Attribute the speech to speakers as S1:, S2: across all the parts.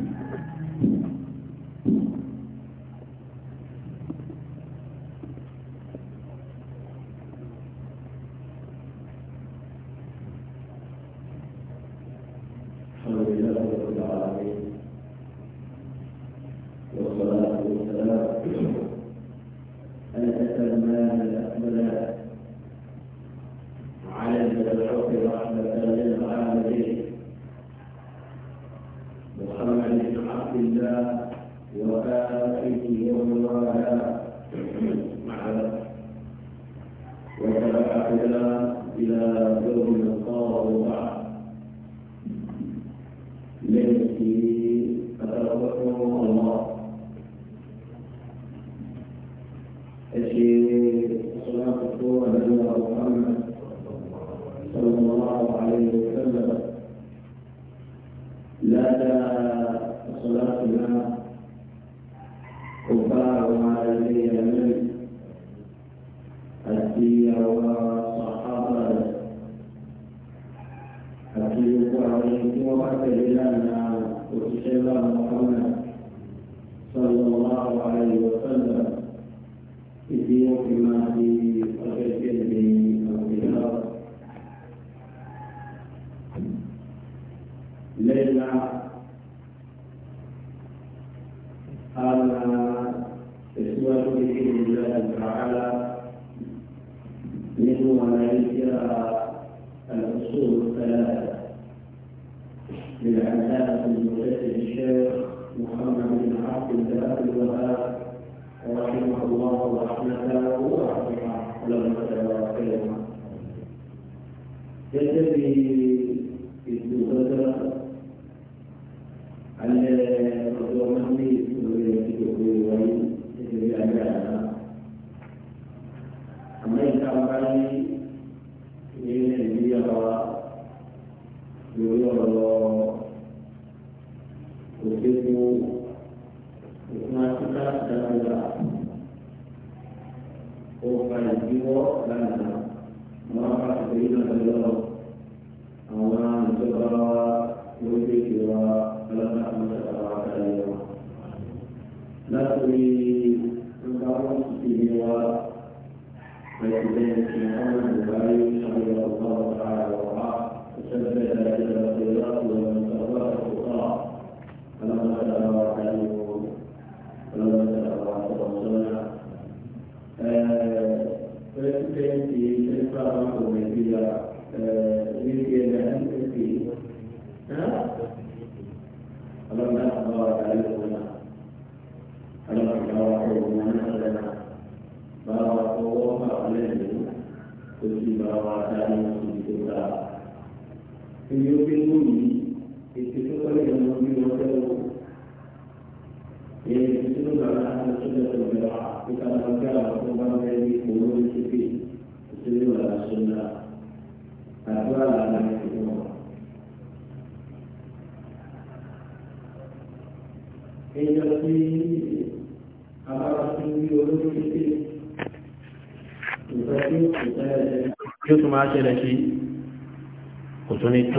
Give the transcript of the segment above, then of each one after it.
S1: Thank you.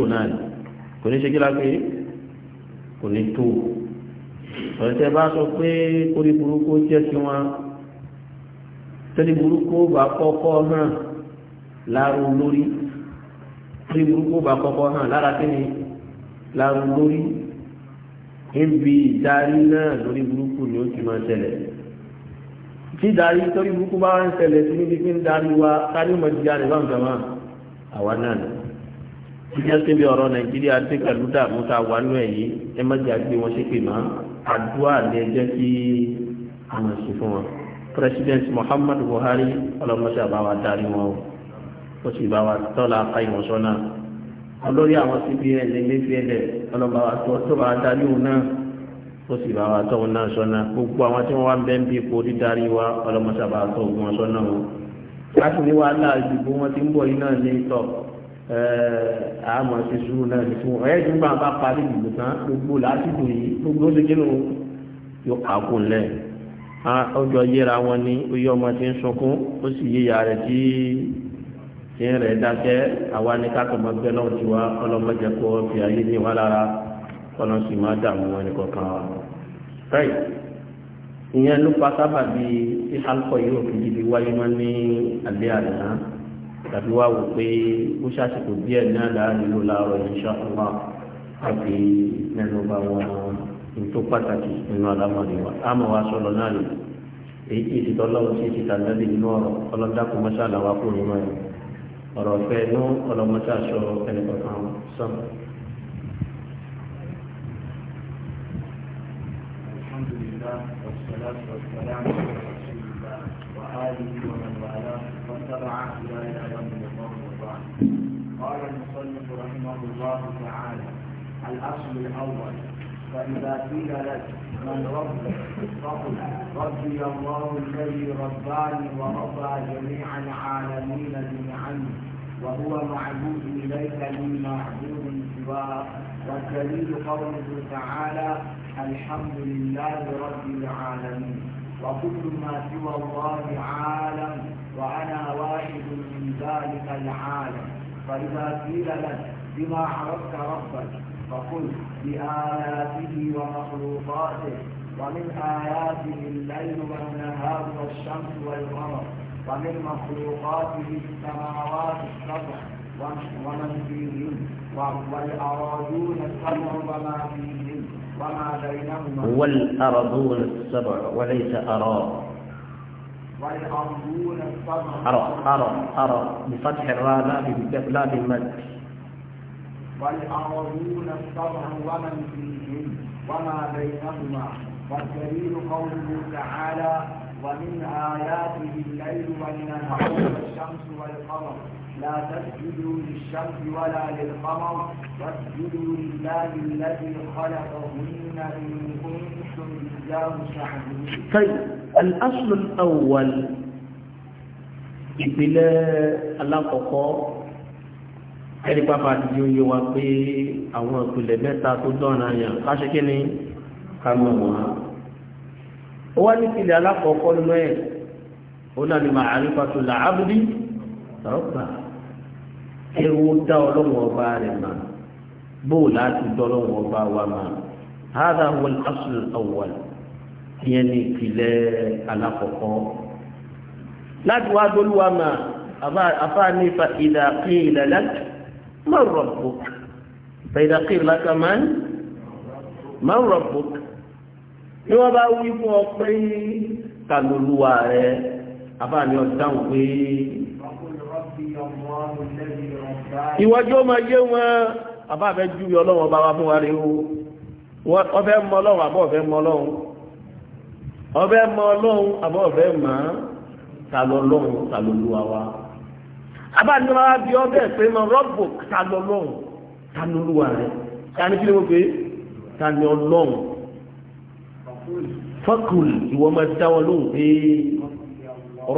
S2: náà ni kò ní ṣe kí lápé kò ní tó ọ̀rẹ́tẹ́ bá sọ pé orí burúkú jẹ́ sí wọn tẹ́lẹ̀ burúkú bá kọ́kọ́ hàn láàrú lórí tẹ́lẹ̀ burúkú bá kọ́kọ́ hàn lára kí ni láàrú lórí níbi ìdarí náà lórí burúkú ni ó ti máa tẹ̀lẹ̀ tí darí torí burúkú bá ń tẹ̀lẹ̀ sí níbi fi ń darí wa ká mọ̀ jíjà rẹ̀ bá ń jọ máa àwa náà ni jíjẹ́ síbi ọ̀rọ̀ nàìjíríà ti pẹ̀lú dààmú tá a wà nù ẹ̀yí ẹ má jà gbé wọn ṣépè mọ́ àdúrà lè jẹ́ kí àwọn ṣe fún wọn. president muhammadu buhari ọlọ́mọṣẹ́ àbáwá darí wọn o
S1: ó sì bá wa tọ́lá apá ìwọ̀n sọ́nà olórí àwọn cbn lẹ́lẹ́fẹ́lẹ́ ọlọ́mọba tó bá darí òun náà ó sì bá wa tọ́ òun náà sọ́nà gbogbo àwọn tí
S2: wọ́n wá ń bẹ́ ń bí ipò dídarí wa ọlọ́mọṣẹ́ àbáwá tọ́ òun sọ́nà o. láti ní wàhálà ìdìbò wọn ti ń bọ̀ yìí náà ní tọ́ Eh, àmọ́ ti sùúrù náà ní fún ọ̀yẹ́ tí wọ́n bá parí ìlú tán gbogbo làásìkò yìí gbogbo ó ti kí ló yọ àkùn lẹ̀ ọjọ́ yẹra wọn ni oyè ọmọ ti ń sunkún ó sì yíya rẹ̀ tí tí ń rẹ̀ dákẹ́ àwa ní kákọ̀mọ́ bẹ́ẹ̀ náà ti wá ọlọ́mọdé kó fi ayé ní
S1: wá lára ọ̀nà sì máa dààmú wọn ní kọ̀ọ̀kan wa. rẹ̀ ìyẹn ló pa sábà bíi tí yìí ò fi jìbì wáyé máa ní àlẹ́ àná tàbí wá wò pé ó ṣàṣìkò díẹ̀ náà láàrin ló láàárọ̀ insha Allah àti mẹ́nu bá wọn ní tó pàtàkì nínú àlámọ̀lẹ́ wa àmọ́ wa sọ̀rọ̀ náà lè èyí tí ìsìtọ́ lọ́wọ́ sí ìsìtà lẹ́bí nínú ọ̀rọ̀ ọlọ́dàkù mọ́ṣáàlá wa kúrò nínú ẹ̀ ọ̀rọ̀ ọ̀fẹ́ inú ọlọ́mọṣáṣọ ẹnìkọ̀ọ̀kan sàn.
S3: Alhamdulillah wassalatu
S1: wassalamu ala rasulillah wa alihi wa sahbihi تبعه إلى
S4: يوم الله الراحل قال المصنف رحمه الله تعالى الأصل الأول فإذا قيل لك من ربك فقل ربي الله الذي رباني ورضى جميع العالمين بنعمه وهو معبود إليك من معبود سواه والدليل قوله تعالى الحمد لله رب العالمين وكل ما سوى الله عالم وأنا واحد من ذلك العالم فإذا قيل لك بما عرفت ربك فقل بآياته ومخلوقاته ومن آياته الليل والنهار والشمس والقمر ومن مخلوقاته السماوات السبع ومن فيهن والأراضون السبع وما فيهن وما بينهما هو
S1: الأراضون السبع وليس أراض
S4: أرى أرى أرى
S1: بفتح الراء لا بمد لا بمد
S4: والأرضون الصبر ومن فيهم وما بينهما والدليل قوله تعالى ومن آياته الليل والنهار والشمس والقمر لا تسجدوا للشمس ولا للقمر واسجدوا لله الذي خلقهن إن كنتم إياه تعبدون
S2: طيب الأصل الأول ìpìlẹ̀ alákọ̀ọ́kọ́ ẹni pápá ti di oye wa pé àwọn ìpìlẹ̀ mẹ́ta tó dọ́nà yàn káṣe kí ni ká mọ̀ wọ́n ó wá nípìlẹ̀ alákọ̀ọ́kọ́ nínú ẹ̀ ó náà ni màá rí pàtó làábùdí tọ́pàá ẹrú dá ọlọ́wọ́ ọba rẹ̀ mà bóò láti dọ́lọ́wọ́ ọba wa mà hádà wọl asùn awwal ìyẹn ní ìpìlẹ̀ alákọ̀ọ́kọ́ láti wá gbólúwa mà àfa nífa ìdá kí ìdá láti má rọ̀bù ìdá kí ìdá láti má rọ̀bù ni wọ́n bá wí fún ọ pé kàlùlùwà rẹ̀ àfa ni ọ̀ pé ìwọ́jú ó máa yé wọn àbá fẹ́ ju ọlọ́run ọba wa fún wa rí o wọ́n fẹ́ mọ ọlọ́run àbọ̀ fẹ́ mọ ọlọ́run ọbẹ̀ mọ ọlọ́run àbọ̀ fẹ́ àbá ní wọn ọbẹ̀ pé mọ rọ́bù ta lọ lọ́run ta kí ni mo pè é ọlọ́run fọkùl ìwọ máa dá lóhùn pé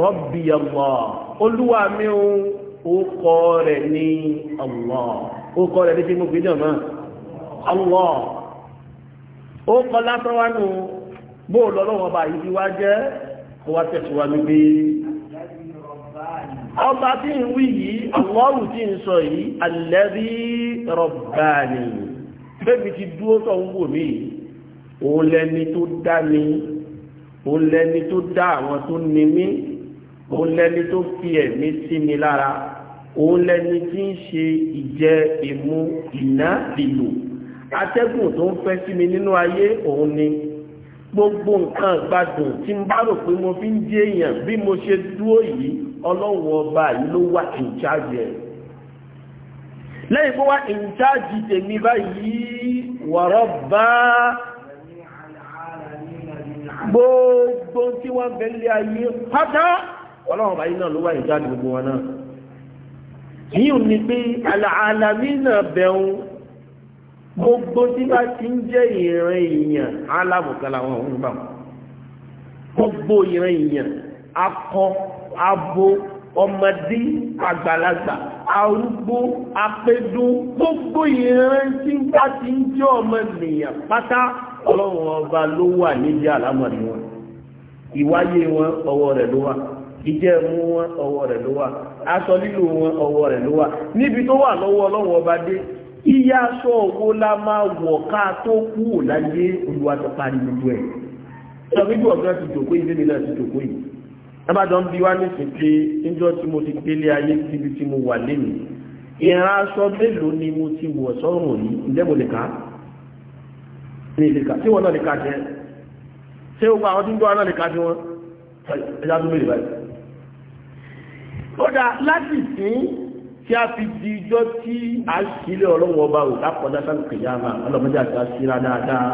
S2: rọ́bì Allah olúwa mi ò ókọ rẹ̀ ní Allah ókọ rẹ̀ ní tí mo gbéjọ náà Allah ókọ lásánwánú bóòlù ọlọ́wọ́ bá yìí wá jẹ́ kó wá tẹ̀síwájú pé ọba tí ń wí yìí Allahu tí ń sọ yìí alladhi rabbani bébí ti dúó tọ̀ ń wò mí òun lẹni tó dá mi òun lẹni tó dá tó fi ẹ̀mí sí mi lára òun lẹni tí ń ṣe ìjẹ ìmu ìná lílò atẹ́gùn tó ń fẹ́ sí mi nínú ayé òun ni gbogbo nǹkan gbádùn tí ń bá rò pé mo fi ń jí èèyàn bí mo ṣe dúró yìí ọlọ́run ọba yìí ló wà in charge ẹ̀ lẹ́yìn kó wá in charge tèmi báyìí wọ̀rọ̀ bá gbogbo tí wọ́n bẹ́ẹ̀ ayé pátá ọlọ́run ọba yìí náà ló wà in charge gbogbo wọn náà yíò ni pé alàálàmí náà bẹ̀rù gbogbo tí bá ti ń jẹ́ ìran èèyàn alábùkálà àwọn òun gbà gbogbo ìran èèyàn akọ abo ọmọdé àgbàlagbà arúgbó apẹdó gbogbo ìran tí bá ti ń jẹ́ ọmọ ènìyàn pátá ọlọ́run ọba ló wà níbi àlámọ̀rí wọn ìwáyé wọn ọwọ́ rẹ̀ ló wà ìjẹ́ mú wọn ọwọ́ rẹ̀ ló wà aṣọ lílò wọn ọwọ́ rẹ̀ ló wà níbi tó wà lọ́wọ́ ọlọ́wọ́ ọba dé iye aṣọ owó la máa wọ̀ ká tó kú láyé olúwa tó parí gbogbo ẹ̀ sọ fún ìjọba náà ti jòkó yìí lẹ́nu náà ti jòkó yìí lábàjọ ń bi wá nísìn pé níjọ́ tí mo ti gbélé ayé síbi tí mo wà lẹ́nu ìran aṣọ mélòó ni mo ti wọ̀ sọ́rùn yìí ǹjẹ́ mo lè ká tí wọ́n náà lè kà jẹ́ ṣé gbogbo àwọn tí ń gbọ́ náà lè kà jẹ́ wọn ẹ̀yà tó mélòó báyìí kódà láti sín tí a fi di ijọ́ tí a sílẹ̀ ọlọ́wọ́ ọba ò lápọ̀dá sáà kìyàmà ọlọ́mọdé àti àṣírà dáadáa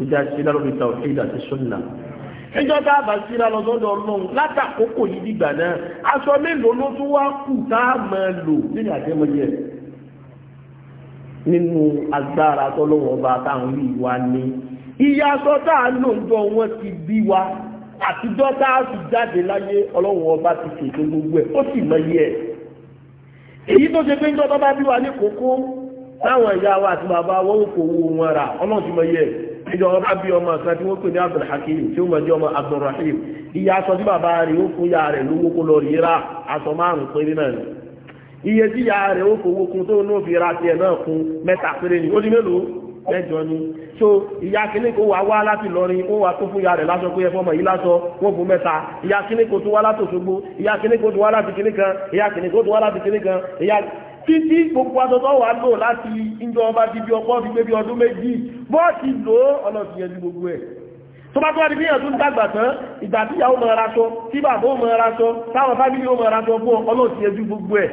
S2: ó já àṣírà lórí tàwhídà àti sunnah níjọ́ tá a bá síra lọ sọ́dọ̀ ọlọ́run látàkókò yìí dìgbà náà aṣọ mélòó ló tún wá kù tá a máa lò nínú àjẹmọ́yẹ nínú agbára tọ́lọ́wọ́ ọba táwọn yìí wá ní iye aṣọ tá a lò ń jọ wọn ti bí wa àtijọ́ tá a sì jáde láyé ọlọ́run ọba ti ṣètò gbogbo ẹ̀ ó sì mọ iye ẹ̀ èyí tó ṣe pé ń tọ́tọ́ bá bí wa ní kókó táwọn ẹ̀yà wa àti bàbá wọn kò wo wọn rà ọlọ́run ti mọ iye ẹ̀ ìjọ ọba bí ọmọ kan tí wọ́n pè ní abdulhakeem tí ó mọ̀ jẹ́ ọmọ abdulrahim iye aṣọ tí bàbá rẹ̀ ó fún ya rẹ̀ lówó kó lọ rí aṣọ márùn-ún péré náà ni iye tí ya rẹ̀ ó fowó kun tó náà fi ra tiẹ̀ náà kun mẹ́ta péré ni ó di mélòó mẹ́jọ ni so ìyá kíníkò wá wá láti lọrin ó wá tó fún ìyá rẹ̀ láṣọ pé ẹ fọmọ yìí láṣọ wọ́n fún mẹ́ta ìyá kíníkò tó wá láti Òṣogbo ìyá kíníkò tó wá láti kíníkan ìyá kíníkò tó wá láti kíníkan ìyá títí gbogbo aṣọ tó wà lò láti ìjọ ọba di bí ọkọ fi gbé bí ọdún méjì bọ́ọ̀sì lò ọlọ́ọ̀sì yẹn ní gbogbo ẹ̀ tó bá tó wá di bí ẹ̀tún dàgbà tán ìgbà tíyàwó mọ̀ ẹ̀ra sọ tí bàbá ó mọ̀ ẹ̀ra sọ táwọn fámìlì ó mọ̀ ẹ̀ra sọ fún ọlọ́ọ̀sì yẹn ju gbogbo ẹ̀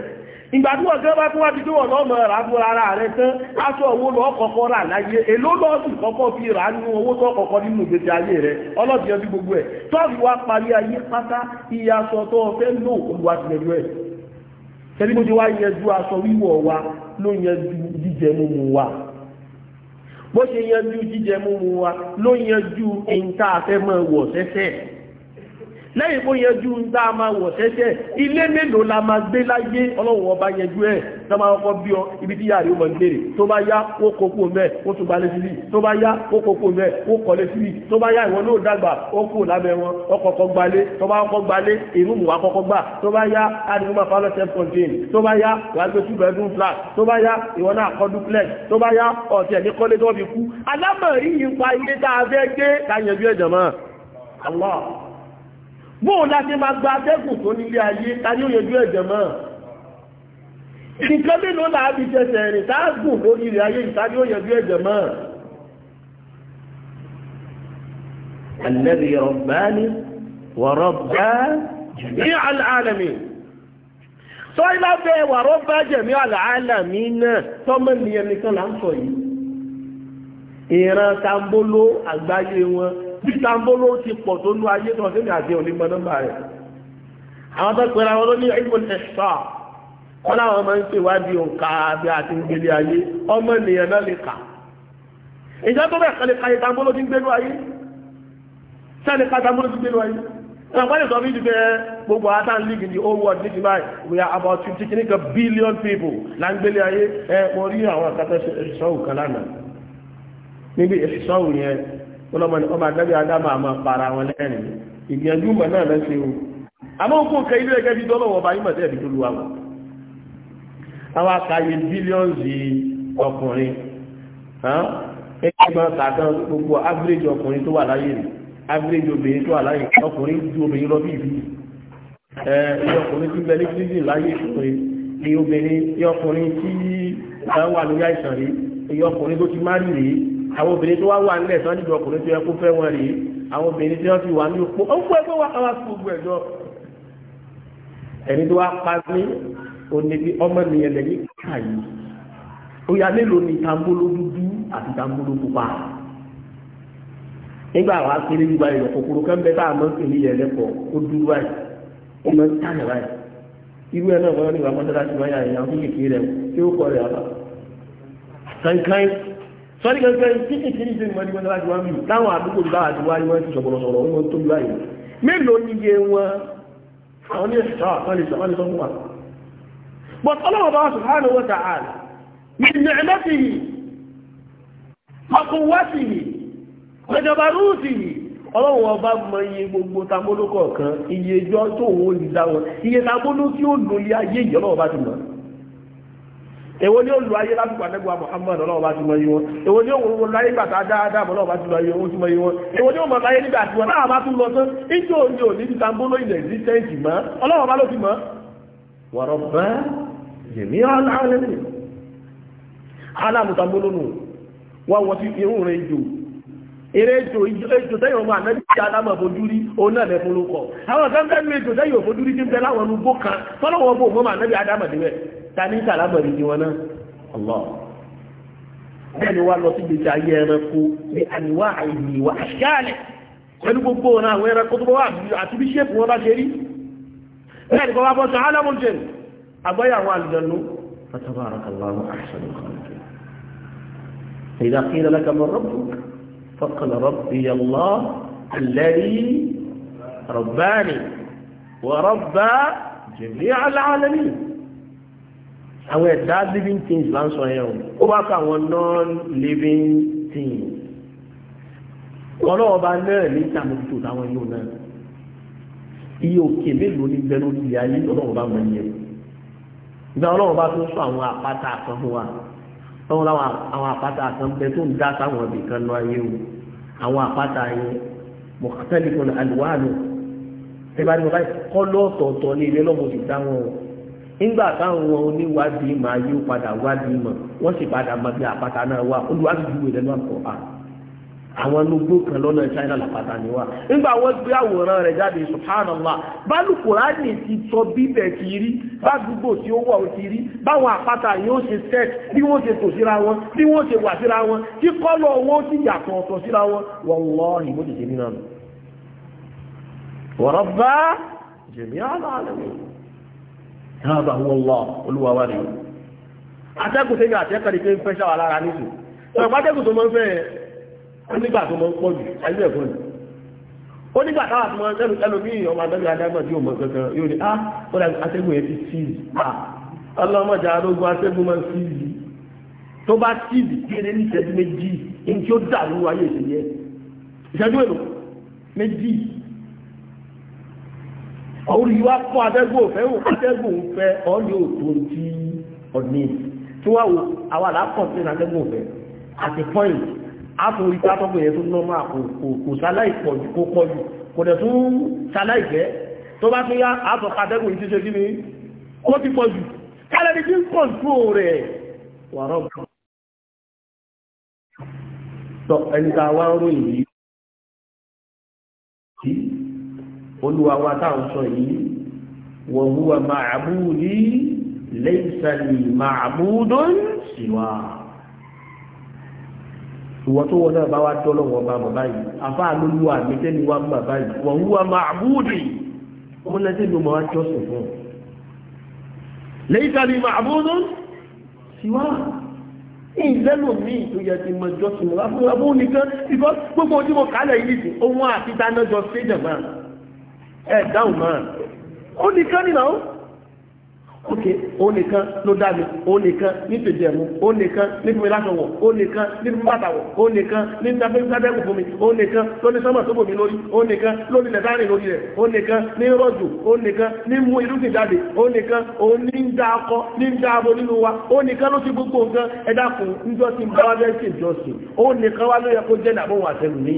S2: ìgbà tí wọ́n gẹ́ bá tún wá ti dúwọ̀ lọ́mọ rà fún ara rẹ̀ tán aṣọ owó lọ kọ̀kọ́ rà láyé èló lọ́ọ̀sì kọ́kọ́ fi rà nínú owó tó kọ̀kọ́ nínú ìgbésí ayé rẹ̀ ọlọ́ọ̀dì ẹbí gbogbo ẹ̀ tọ́ọ̀fì wá parí ayé pátá iye aṣọ tó fẹ́ lò olúwa ti lẹ́nu ẹ̀ tẹ́lí bó ti wá yẹjú aṣọ wíwọ̀ wa ló yẹjú jíjẹ múmu wa bó ṣe yẹjú jíjẹ múmu wa ló yẹjú ẹ̀ńtà afẹ́mọ̀ wọ̀ sẹ́sẹ́ lẹ́yìn kó yẹjú ń dá a máa wọ̀ sẹ́sẹ́ ilé mélòó la máa gbé láyé ọlọ́run ọba yẹjú ẹ̀ tó máa kọ́ bí ọ ibi tí yàrá ìwọ̀n gbére tó bá yá ó kókó mẹ́ ó tún balẹ̀ síbí tó bá yá ó kókó mẹ́ ó kọ́lé síbí tó bá yá ìwọ̀n ló dàgbà ó kú lábẹ́ wọn ọkọ̀ọ̀kọ̀ gbalé tó bá kọ́ gbalé èrú mùwà kọ́kọ́ gbà tó bá yá adigun máa Allah bóò láti máa gba atẹ́gùn tó nílé ayé ta ní òyìnbó ẹ̀jẹ̀ mọ́ nǹkan mélòó làábi tẹsẹ̀ rìn tá a gùn lórí ilẹ̀ ayé ta ní òyìnbó ẹ̀jẹ̀ mọ́ alladhi rabbani wa rabba jami'a al-alamin ìlàbẹ̀ wa rabba jami'a al náà tọ́mọ nìyẹn nìkan là yìí ìran tambolo àgbáyé wọn títa ń bó ló ti pọ̀ tó nú ayé tó sínú àti onímọ̀ nọ́mbà rẹ̀ àwọn tó pera wọn ló ní ìmọ̀ ẹ̀ṣọ́ wọn láwọn máa ń pè òǹkà bí a ti ń gbélé ayé ọmọ ènìyàn náà lè kà ìjọ tó bẹ̀ kẹ́lẹ̀ ka ìta ń bó ló ti ń gbélé ayé sẹ́ni ká ìta ń bó ló ti gbélé ayé ẹ̀wọ́n ìsọ̀ bí gbogbo atan league in the world níbi báyìí we are about fifty kìíní kan billion people la ń gbélé ayé ẹ̀ wọ́n rí àwọn àkàtà ìṣọ́ òkan lánàá níbi ìṣọ́ òyìn ọlọ́mọ ní ọmọ àgbẹ́bí adáma àmà para wọn lẹ́rìn ìgbìyànjú mọ̀ náà lọ sí o àmọ́ òkú kẹ ilé ẹgẹ́ bí dọ́lọ́wọ́ ọba yìí mọ̀tẹ́ ìdíjú luwa wọn àwọn akáyé bílíọ̀nsì ọkùnrin ẹgbẹ́ kàtàn gbogbo average ọkùnrin tó wà láyé rẹ̀ average obìnrin tó wà láyé ọkùnrin ju obìnrin lọ bí ìlú ẹ ilé ọkùnrin tí bẹ ní prison láyé ìṣòrin ni obìnrin ilé ọkùnrin tí wà lórí àìsàn rí ilé ọkùnrin tó ti má rí rèé àwọn obìnrin tó wá wà nílẹ̀ tí wọ́n níbi ọkùnrin tó yẹ kó fẹ́ wọn rèé àwọn obìnrin tí wọ́n fi wà ní òpó ó fún ẹgbẹ́ wa káwá sí gbogbo ẹ̀jọ́ ẹni tó wá pa ní oníbi ọmọ nìyẹn lẹ́yìn káyìí òyà mélòó ni tambolo dúdú àti tambolo pupa nígbà wàá kéré nígbà yìí kòkòrò kan bẹ tá a máa ń kéré yẹn lẹ́kọ̀ọ́ ó dúró báyìí ó máa ń tàyà báyìí irú ẹ náà wọ́n ní wàá mọ́tàlá ti wáyà yẹn àwọn kékeré rẹ̀ tí ó kọ́ sọ́ni kankan títí kiri ṣe ìmọ̀ nígbà tí wọ́n mú táwọn àdúgbò bá àti wáyé wọ́n ti sọ̀rọ̀ sọ̀rọ̀ wọn tó yọ àyè mélòó ni iye wọn àwọn ní ẹ̀sọ́ àwọn lè sọ̀rọ̀ sọ̀rọ̀ wọn. but ọlọ́wọ́ bá subhanahu wa ta'ala min ni'matihi wa quwwatihi wa jabarutihi ọlọ́wọ́ ọba mọ iye gbogbo tambolókọ̀ọ̀kan iye ẹjọ́ tó òun ò lè dá iye tamboló tí ó lò ilé ayé ìyọ́lọ́wọ́ bá ti mọ̀ èwo ni ó lu ayé lásìkò àdẹ́gbà Muhammad ọlọ́wọ́ bá ti mọ iye wọn èwo ni ó wọ láyé gbà tá dáadáa ọlọ́wọ́ bá ti mọ iye wọn ti mọ wọn èwo ni ó mọ láyé nígbà tí wọn náà bá tún lọ tán ijó ni ò ní ti tambolo ilẹ̀ existence mọ́ ọlọ́wọ́ bá ló ti mọ́ wọ̀rọ̀ bẹ́ yèmí aláàlẹ́ aláàmù nù wọ́n wọ́n ti ta ní sàlámọ̀rí ni wọn náà Allah bẹ́ẹ̀ ni wá lọ sí gbèsè ayé ẹranko ní àníwá àìní wá àṣálẹ̀ pẹ̀lú gbogbo ọ̀nà àwọn ẹranko tó bá wà àti bí ṣéèpù wọn bá ṣe rí bẹ́ẹ̀ ni bọ́wá bọ́ sọ alámọ̀jẹ̀ àgbáyà àwọn àlùjọ̀nù fatabarakallahu ahsanul khaliqin إذا قيل لك من ربك فقل ربي الله الذي رباني ورب جميع العالمين àwọn ẹ̀dá living things là ń sọ yẹn o ó wá kọ àwọn non-living things ọlọ́ọ̀ba náà ní ìtàmójútó táwọn yóò náà iye òkè mélòó ní bẹ lórí ilé ayé ọlọ́ọ̀ba mọ̀ ní ẹ̀ ìgbà ọlọ́ọ̀ba tó sọ àwọn àpáta kan fún wa tọ́wọ́n láwọn àwọn àpáta kan bẹ tó ń dá sáwọn ibì kan lọ ayé o àwọn àpáta yẹn mọ̀kátẹ́lì kan àlùwáàlù ẹ bá ní wọn báyìí kọ́ lọ́ọ̀tọ̀ọ̀tọ̀ ní ilé lọ́mọ nígbà táwọn oníwádìí máa yí padà wádìí mọ̀ wọ́n sì padà mọ̀ bí àpáta náà wà olùwádìí ìwé lẹ́nu àpò à àwọn nugbó kan lọ́nà China làpáta ni wà nígbà wọ́n gbé àwòrán rẹ̀ jáde subhanallah bálùkùránì ti sọ bíbẹ̀ ti rí bádùgbò tí ó wà ó ti rí báwọn àpáta yóò ṣe set bí wọ́n ṣe tò síra wọn bí wọ́n ṣe wà síra wọn tí kọ́lọ̀ wọn ó sì yàtọ̀ síra wọn wallahi ìbò tètè nínú wa rabba jami'al alamin hādhā huwa Allāh olúwa wa nìyí atẹ́kùn tẹ́lẹ̀ àtẹ́kùn pé ń fẹ́ ṣáwà lára nìsù sọ ìpátẹ́kùn tó mọ́ fẹ́ onígbà tó mọ́ pọ̀ jù ẹgbẹ́ ẹ̀kọ́ ni onígbà táwà ah, ah, tó mọ́ ẹlù ẹlòmí ọmọ ń tíìlì orí wa fún atẹ́gùn òfẹ́ wò atẹ́gùn òfẹ́ ọ̀lẹ́ òtò tí ọ̀nì tí wà wò àwọn àlàkọ̀ sí atẹ́gùn òfẹ́ àti point àtò orí pátọ́gbọ̀ yẹn tó nọ́mà kò sáláì pọ̀ jù kó pọ̀ jù kò dẹ̀ tún sáláì jẹ́ tó bá tún yá àtọ̀ atẹ́gùn yìí ti ṣe kí ni ó ti pọ̀ jù kálẹ̀ ní kí ń kọ̀ǹtúrò rẹ̀ wà rọ̀ ẹni tá wá ń ròyìn yìí olúwa wa tá à ń sọ yìí wa huwa ma'budi laysa li ma'budun siwa ìwọ tó wọ́n náà bá wá tọ́lọ̀ wọn bá bàbá yìí afá lóluwà mi tẹ́ni wá bàbá yìí wa huwa ma'budi wọn náà tẹ́ni wọn wá jọ́sìn fún un laysa li ma'budun siwa ìlẹ́lò míì tó yẹ ti mọ jọ́sìn wọn fún abúlé nìkan ìfọ́ gbogbo ojú kálẹ̀ yìí ohun àti dáná jọ sí ìjọba ẹ̀ dáhùn máa ó nìkan nìyà ó ok ó nìkan ló dá mi ó nìkan ní tètè ẹ̀mú ó nìkan ní fún mi láṣọ wọ̀ ó nìkan ní fún bàtà wọ̀ ó nìkan ní lábẹ́kù fún mi ó nìkan ló sọ́mọ̀ tó bò lórí ó nìkan ló ní lórí rẹ̀ akọ ní ń dá abo nínú wa ó nìkan ló ti gbogbo nǹkan ẹ̀dá kù bá wá bẹ́ẹ̀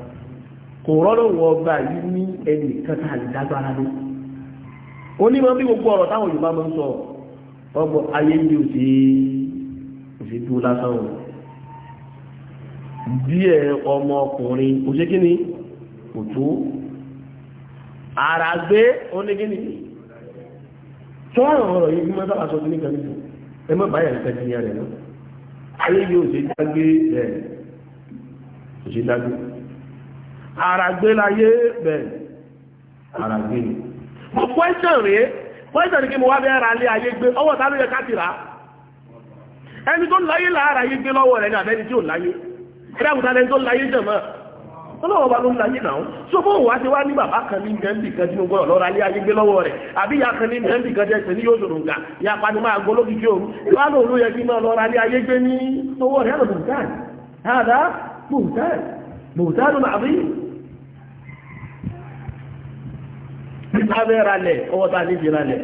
S2: kò rọ́lọ́wọ́ ọba yìí ní ẹni tá a lè dágbára onímọ̀ bí gbogbo ọ̀rọ̀ táwọn Yorùbá máa ń sọ ọgbọ̀ ayé ní òsì tó lásán o díẹ̀ ọmọ ọkùnrin kí ni kò tó ni ọ̀rọ̀ sọ sí ẹ báyà ti ayé ní àràgbé bẹ̀rẹ̀ àràgbé mo pọ́ìsàn rèé pọ́ìsàn ní kí mo wá bẹ́ ara lé ayé gbé ọwọ́ ta ló yẹ rà ẹni tó láyé láàrà yé gbé lọ́wọ́ rẹ̀ ní àbẹ́ni tí láyé tó láyé jẹ̀ mọ́ ọlọ́wọ́ bá ló ń láyé náà fún ti wá ní bàbá kan ní kan tí mo gbọ́dọ̀ lọ́ra lé ayé gbé lọ́wọ́ ya kan ní mẹ́mbì kan ní yóò nǹkan ya pa ni máa gbọ́ lókìkí bí sáfẹ́ ralẹ̀ owó a níbi ralẹ̀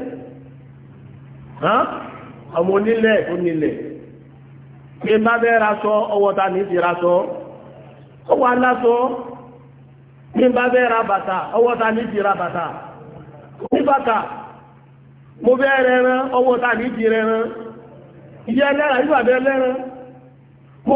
S2: ọmọ onílẹ̀ onílẹ̀ bí sáfẹ́ sọ owó tá a níbi raṣọ owó aláṣọ bí sáfẹ́ ra bàtà owó tá a bàtà ní bàtà mo bẹ́ lẹ́ran mo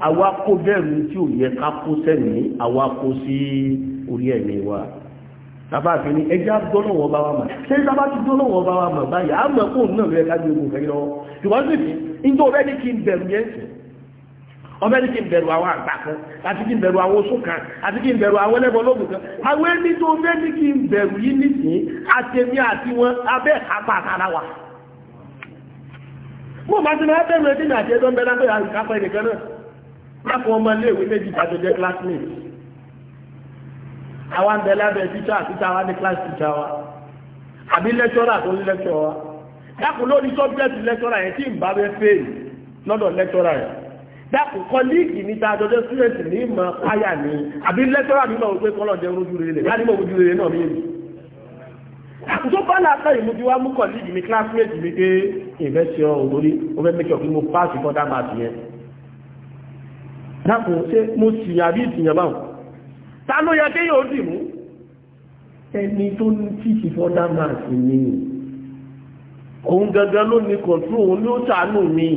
S2: àwa kó bẹ́ẹ̀rù tí ò yẹ ká kó sẹ́ni àwa kó sí orí ẹ̀mí wa tàbá àti ní ẹjá dọ́lọ́wọ́ bá wa mà ṣé tàbá ti dọ́lọ́wọ́ bá wa mà báyìí á mọ̀ fóònù náà lóye ká gbé ogun fẹ́ lọ́wọ́ ṣùgbọ́n sì fi ń tó ọbẹ̀ ní kí n bẹ̀rù yẹn sùn wa mo máa ti máa bẹ̀rù ẹtí ní àti ẹjọ́ ń bẹ lápẹ́ àkàpẹ́ nìkan náà láti wọn máa léèwé méjì ìdájọ́ jẹ́ classmate àwa ń bẹ teacher tíṣà tíṣà wa ní class tíṣà wa àbí lẹ́tọ́rà tó ń lẹ́tọ́ wa dákun lórí subject lẹ́tọ́rà yẹn tí ń bá bẹ́ fail lọ́dọ̀ lẹ́tọ́rà yẹn dákun kọ́líìkì ní ta àjọjọ́ student ní ìmọ̀ páyà ní àbí lẹ́tọ́rà ní ìmọ̀ pé kọ́lọ̀ jẹ́ ojú rere láti mọ̀ ojú rere náà méjì dákun tó bá láta ìmúdi wa mú kọ́líìkì ní classmate mi pé ìfẹ́ ṣe ọ dákùn ṣe mo sì àbí ìtìyàn báwọn ta ló yẹ kéyàn ó dì mú ẹni tó ní tíṣì fọ́dá máa sì ní òun gangan ló ní kọ̀tún òun ló sàánù mi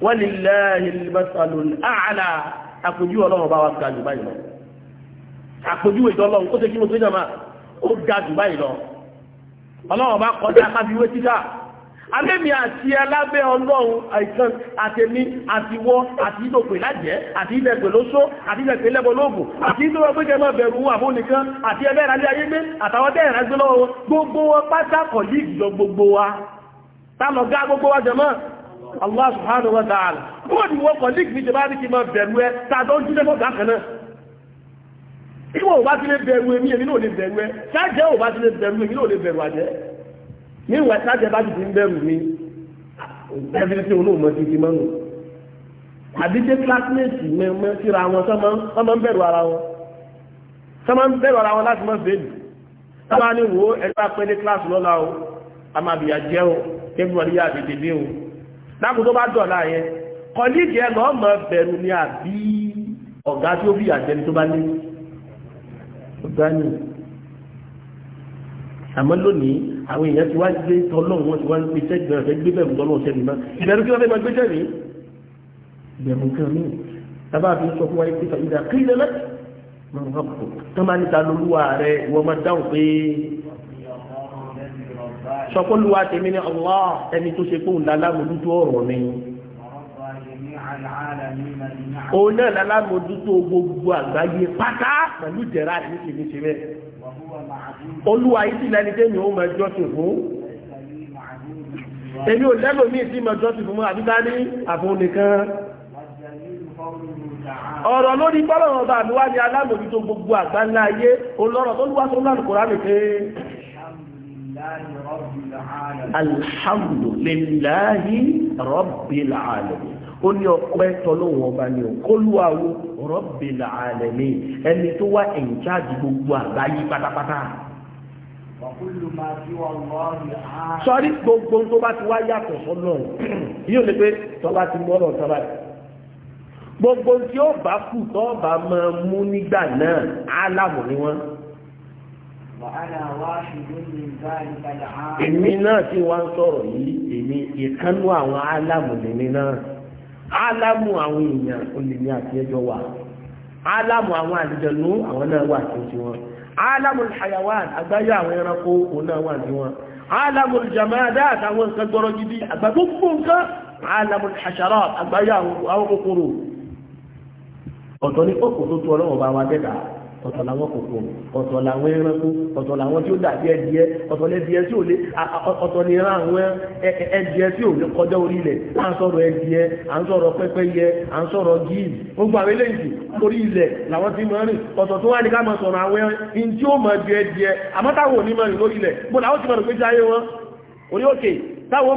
S2: wọ́n lè lẹ́yìn lẹ́bàṣàlù àhàlà àpòjú ọlọ́run bá wa ga alẹ́mi àti alábẹ́ ọlọ́run àìsàn àtẹ̀mí àtiwọ́ àti ìdòpè lájẹ́ àti ilẹ̀pẹ̀ lóṣó àti ilẹ̀pẹ̀ lẹ́bọlóògùn àti ìdòwọ́ pẹ́kẹ́ mọ́ bẹ̀rù àbó nìkan àti ẹgbẹ́ ìrànlẹ́ ayé gbé àtàwọn tẹ́ ìrànlẹ́ lọ́wọ́ gbogbo wa pátákọ̀ yìí jọ gbogbo wa tá lọ gá gbogbo wa jẹmọ́ Allah subhanahu wa ta'ala wọ́n ni wọ́n kọ̀ ní ìgbìjẹ bá ní kí mọ́ bẹ̀rù ẹ tàbí ojú lẹ́fọ́ gákanáà ìwọ̀n ò bá ti lè bẹ̀rù èmi èmi náà lè ní ìwà ìtajà bá jìbì ń bẹ̀rù mi ẹbí tí olóòmọ ti di mọ́nu àbí ṣé kílásímẹ́ẹ̀tì mẹ́mọ́ síra wọn sọ́mọ́ ń bẹ̀rù ara wọn sọ́mọ́ ń bẹ̀rù ara wọn láti mọ́ bẹ́ẹ̀lì sọ́mọ́ ní wo ẹgbẹ́ apẹ́ ní kílásì lọ́la o a máa bìyà jẹ́ o kébù wọn yá àdèdè dé o dákun tó bá dọ̀la yẹn kọ́líìkì ẹ̀ lọ́ọ́ mọ bẹ̀rù ni àbí ọ̀gá tí ó bìyà jẹ́ni tó bá ní ọ̀gá ni àmọ́ lónìí àwọn èèyàn ti wá gbé tọ́lọ́run wọn ti wá ń gbé sẹ́gbẹ̀rún ọ̀fẹ́ gbé bẹ̀rù tọ́lọ́run sẹ́mi mọ́ ìbẹ̀rù kí wọ́n fẹ́ máa gbé sẹ́mi ìbẹ̀rù kan ní tábà fi sọ fún wa pé ìdá kílẹ̀ lẹ́ máa wà pọ̀ tó máa níta lóluwà rẹ ìwọ máa dáhùn pé
S3: sọkọlùwà tèmi
S2: ní ọlọ́ ẹni tó ṣe fóun lálámojútó ọ̀rọ̀ mi òun náà lálámojútó gbogbo àgbáyé pátá pẹ̀lú ìdẹ̀ra ìníṣẹ́
S3: olúwa yìí sí lẹ́ni tẹ́mi ó mọ̀ ẹjọ́ sìn fún èmi ò lẹ́lò mí sí mọ̀ ẹjọ́ sìn fún àbíká ní àfún nìkan
S2: ọ̀rọ̀ lórí bọ́lọ̀rọ̀ ọba àbúwá ni alámòjútó gbogbo àgbáńlá ayé olọ́rọ̀ tó lúwá tó lánà kòránì pé alhamdulillahi rabbil alamin ó ní ọpẹ́ tọ́lọ́wọ́ ọba ni òkólúwàwó rabbil alamin ẹni tó wá in charge gbogbo àgbáyé pátápátá sọ́rí gbogbo tó bá ti wá yàtọ̀ sọ́nà yìí ò lè pé tó bá ti mọ́ ọ̀nà sábà gbogbo tí ó bá kù tó bá máa mú nígbà náà álàmù ni wọ́n. èmi náà tí wọ́n ń sọ̀rọ̀ yìí èmi ìkánú àwọn álàmù nìmi náà álàmù àwọn èèyàn olè ní àti ẹjọ́ wà álàmù àwọn àlùjọ̀nú àwọn náà wà tó ti wọn alamul hayawan àgbáyé àwọn ẹranko ọ̀nà wà ní wọn alamul jamadat àwọn nǹkan gbọ́rọ̀ gidi àgbàgbogbo nǹkan alamul hasharat àgbáyé àwọn kòkòrò ọ̀tọ̀ ní kòkòrò tó ọlọ́wọ̀ bá wa dẹ́dàá ọ̀tọ̀ làwọn kòkò ọ̀tọ̀ làwọn ẹranko ọ̀tọ̀ làwọn tí ó dàbí ẹdìẹ ọ̀tọ̀ lẹ́dìẹ tí ò lé ọ̀tọ̀ ní àwọn ẹdìẹ tí ò lé kọjá orí ilẹ̀ à ń sọ̀rọ̀ ẹdìẹ à ń sọ̀rọ̀ pẹ́pẹ́yẹ à ń sọ̀rọ̀ gíì gbogbo àwọn eléyìí orí ilẹ̀ làwọn ti máa rìn ọ̀tọ̀ tó wà ní ká máa sọ̀rọ̀ àwọn ẹran tí ó máa di ẹdìẹ àmọ́ táwọn ò ní máa rìn lórí ti máa rìn pé jáyé wọn orí òkè táwọn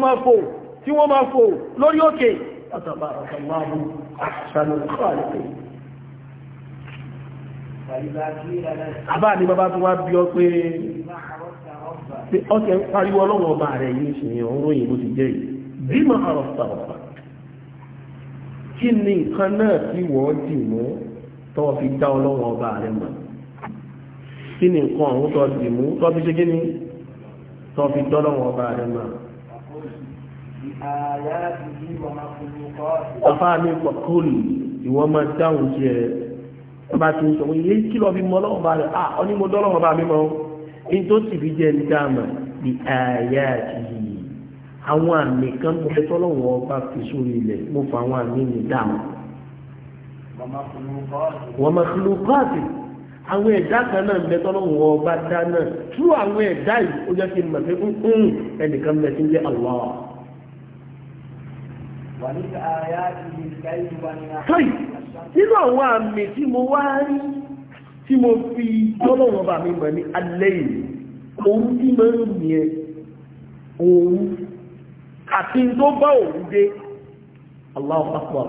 S2: àbá ní bàbá tó wá bí ọ pé ọkẹ̀ pariwo ọlọ́wọ́ ọba rẹ̀ yìí ṣe ní ọ̀rọ̀ yìí ló ti jẹ́ yìí bí mọ̀ ọ̀rọ̀ sọ̀rọ̀ kí ni nǹkan náà tí wọ́n dì mú tọ́wọ́ fi dá ọlọ́wọ́ ọba rẹ̀ mọ̀ kí ni nǹkan ọ̀hún tọ́ dì mú tọ́ fi ṣe kí ni tọ́ fi dọ́lọ́wọ́ ọba rẹ̀ mọ̀ àfáà ní kọ̀kọ́lù ìwọ́n máa dáhùn jẹ́ ọba tí ń sọ wọ́n ilé kí lọ́ọ́ fi mọ ọlọ́wọ́ bá rẹ̀ à ọ ní mo dọ́lọ́wọ́ bá mi mọ́ ní tó sì fi jẹ́ nígbà mà ní ààyè àti yìí àwọn àmì kan mo fẹ́ tọ́lọ́wọ́ ọba fi sórí ilẹ̀ mo fa àwọn àmì mi dà mọ́. wọ́n máa fi lu káàdì àwọn ẹ̀dá kan náà bẹ tọ́lọ́wọ́ ọba dá náà tú àwọn ẹ̀dá yìí ó jẹ́ kí n mọ̀ pé ń ẹnìkan bẹ tí ń jẹ́ Allah.
S4: wà ní ààyè àti yìí
S2: nínú àwọn àmì tí mo wá rí tí mo fi tọ́lọ́wọ́ bá mi mọ̀ ní alẹ́ yìí òun tí mo ń rìn ẹ òun àti tó bá òun dé Allahu akbar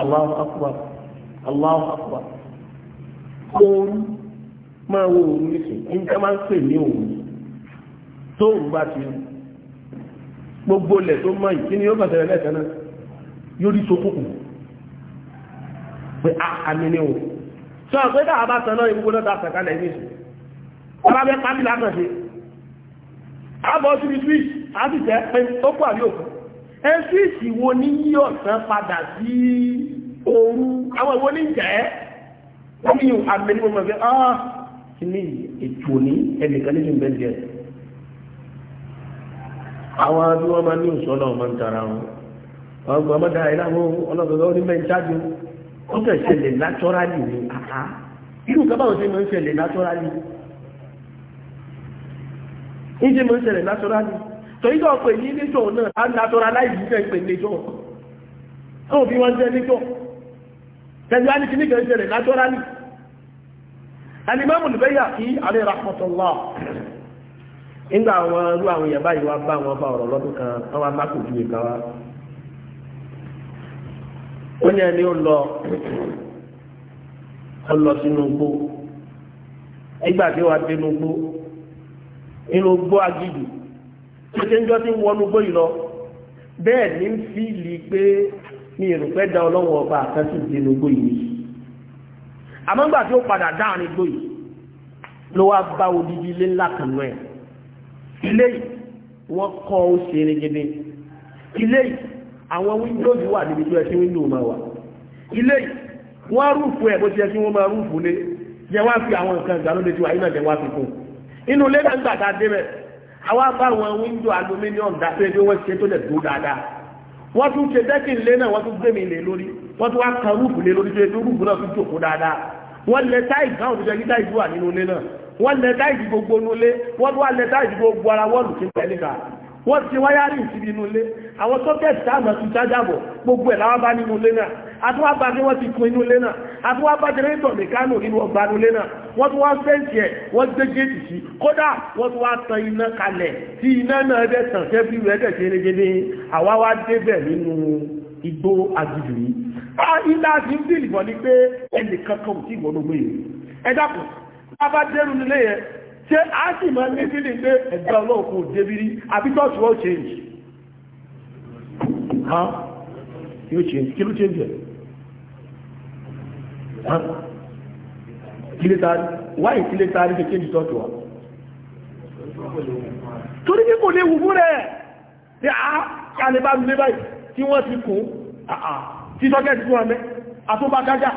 S2: Allahu akbar Allahu akbar òun máa wo òun nìkan níta máa ń pè ní òun tó òun bá ti gbogbo ilẹ̀ tó mọ̀ yìí kí bàtẹ̀rẹ̀ lẹ́ẹ̀kan yóò rí sokùnkùn pé ah, àmì ni o sọ pé dáa bá tán náà ìgbógbó náà ta sàkálẹ̀ ní ìsìn ọba bẹ pàmì látàn ṣe àbọ̀ síbi switch á sì jẹ́ pé ó kú àbí òkú ẹ switch wo ní yí ọ̀sán padà sí ooru àwọn ìwo ní jẹ́ wọ́n mi yùn àmì ni mo mọ̀ pé ah kí ni ètò ní ẹnìkan nínú bẹ́ẹ̀ jẹ́ àwọn bí wọ́n máa ní ìṣọ́nà ọmọ ń tara wọn ọgbọ̀n mọ́ta ìlànà ọlọ́gbọ̀n ní mẹ́ńtájú ó kàn ṣẹlẹ̀ naturally ni àhá irú nǹkan báwo ṣe ń ṣẹlẹ̀ naturally ń ṣe máa ń ṣẹlẹ̀ naturally torí tó pè ní nature náà naturalize nature bí wọ́n jẹ́ nature ní naturally alimami olùbẹ́yà kí alẹ́ rahmatullah nígbà àwọn irú àwọn èèyàn báyìí wá bá wọn bá ọ̀rọ̀ lọ́dún kan kò ju ó ní ẹni ó lọ ó lọ sínú igbó nígbà tí wàá dénú igbó nínú igbó agídù tó ṣe ń jọ tí ń wọnú igbó yìí lọ bẹ́ẹ̀ ní ń fìlì pé mi ò fẹ́ da ọlọ́wọ́ ọba àkáǹtì dénú igbó yìí àmọ́ nígbà tí ó padà dáhùn igbó yìí ló wá bá odidi ilé ńlá kan náà ilé yìí wọ́n kọ́ ó ṣe erégedé ilé yìí àwọn windows wà níbi tó ẹ̀ṣí window máa wà ilé wọ́n rúfù ẹ̀ bó ti ẹ̀ṣí wọ́n máa rúfù lé jẹ wá fi àwọn nǹkan ìgbàlódé tí wà nínú ẹ̀jẹ̀ wá fi kún inú ilé náà ń gbà dáadé rẹ̀ àwọn bá àwọn window aluminium dáadé bí wọ́n ṣe tó lẹ̀ tó dáadáa wọ́n tún ṣe dẹ́kì ilé náà wọ́n tún gbé mi lé lórí wọ́n tún wá kan rúfù lé lórí tó rúfù náà fi jòkó dáadáa wọ́n lẹ táìsì káwọn tó jẹ́ kí táìsì wà nínú ilé náà wọ́n lẹ táìsì gbogbo inú wọ́n tún wá lẹ wọ́ọ̀lù kí n tẹ̀lé ká wọ́n ti wáyárì síbi inú ilé àwọn sọ́kẹ́tì táàmà ti jájábọ̀ gbogbo ẹ̀ láwá bá nínú ilé náà àtúwábá ní wọ́n ti kun inú ilé náà àtúwábá jẹ́rẹ́tọ̀ mẹ́kánù nínú ọgbà inú ilé náà wọ́n tún wá fẹ́ǹsì ẹ̀ wọ́n gbé géètì sí kódà wọ́n tún wá tan iná kalẹ̀ tí iná náà ẹgbẹ́ tàn sẹ́bí rẹ̀ tẹ̀ ṣe àwa wá débẹ̀ nínú igbó agbègbè yìí. ilá ti ń bìlì bọ̀ ni pé ẹnì kankan ò tí ì ló gbé yìí ẹ dákun bá bá dẹ́rù nílé yẹn ṣé a sì máa ní fílì pé ẹgbẹ́ ọlọ́ọ̀kú débírí àbí tọ́ọ̀tù ó change ha yóò change kí ló change ẹ̀ ha kí lè taari wáyé kí lè taari ṣe change tọ́ọ̀tù wa torí kí kò lè wù fún rẹ̀ tí ah, a kàlẹ̀ bá lè báyìí tí wọ́n ti kún ah, ah. tí sọ́kẹ́tì fún wa mẹ́ àtúbà kájá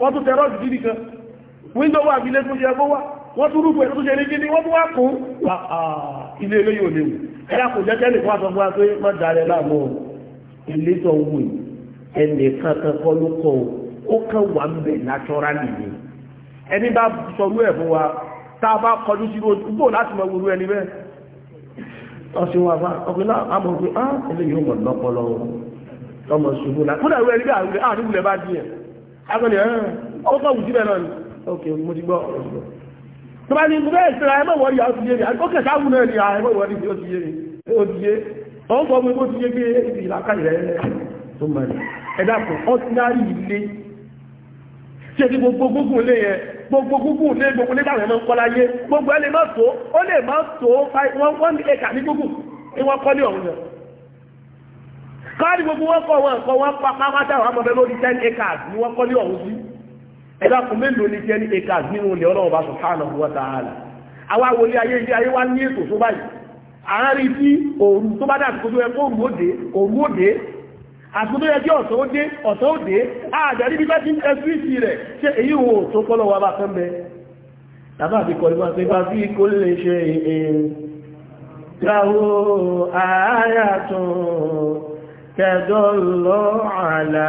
S2: wọ́n tún tẹ́rọ̀dù dídì kan wíńdò wà fi lé tó yẹ kó wà wọ́n tún rúgbò ẹ̀tún ní gíní wọ́n tún wá kún ilé ilé yóò léwu ẹ̀yà kò jẹ́ tẹ́lẹ̀ fún àtọ́gbọ́n pé má láàmú ilé tó wù ẹnì kankan kọ́ ló kọ́ o ó kàn wà ń bẹ̀ nìyí ẹni wa tá a bá kọjú sí láti mọ wúru ẹni bẹ́ẹ̀ ọ̀sìn a mọ̀ pé á yóò mọ̀ ọmọ tó bá ní gbogbo ìṣẹ́ra ẹmọ́ wọ́n yà ó ti yé mi àkókè sáàmù náà ni ẹmọ́ wọ́n ní ó ti yé mi ó ti yé ọ̀n fọ́ mi ó ti yé pé ibi ìlàkà ìrẹ́ tó mọ̀ ní ẹ̀dá kan ọ́tínárì ilé ṣe ti gbogbo gúgùn lé yẹn gbogbo gúgùn lé gbogbo lé báwọn ẹmọ ń kọ́ láyé gbogbo ẹ lè má tó ó lè má tó wọ́n ní ẹ̀ka ní gúgùn ní wọ́n kọ́ ní ọ̀hún yẹn káàdì gbogbo wọn kọ́ wọn kọ́ wọn pa pápátá àwọn ọmọ bẹ́ẹ̀ lórí ten acres ni wọ́n kọ́ ẹ̀dàkùn mélòó ní jẹ́ ní ẹka nínú ilẹ̀ ọlọ́run bá subhanahu wa ta'ala àwa wòlé ayé ilé ayé wá ní ètò tó báyìí àárín tí òòrùn tó bá dà tó yẹ kó òòrùn òde òòrùn òde àtúntò yẹ kí ọ̀sán òde ọ̀sán òde àjàrí bí bẹ́ẹ̀ ti ń tẹ síìsì rẹ̀ ṣe èyí wo tó kọ́lọ̀ wa bá fẹ́ tàbí àfikọ́ ni wọ́n ti bá kó lè ṣe lahu ayatun tadullu ala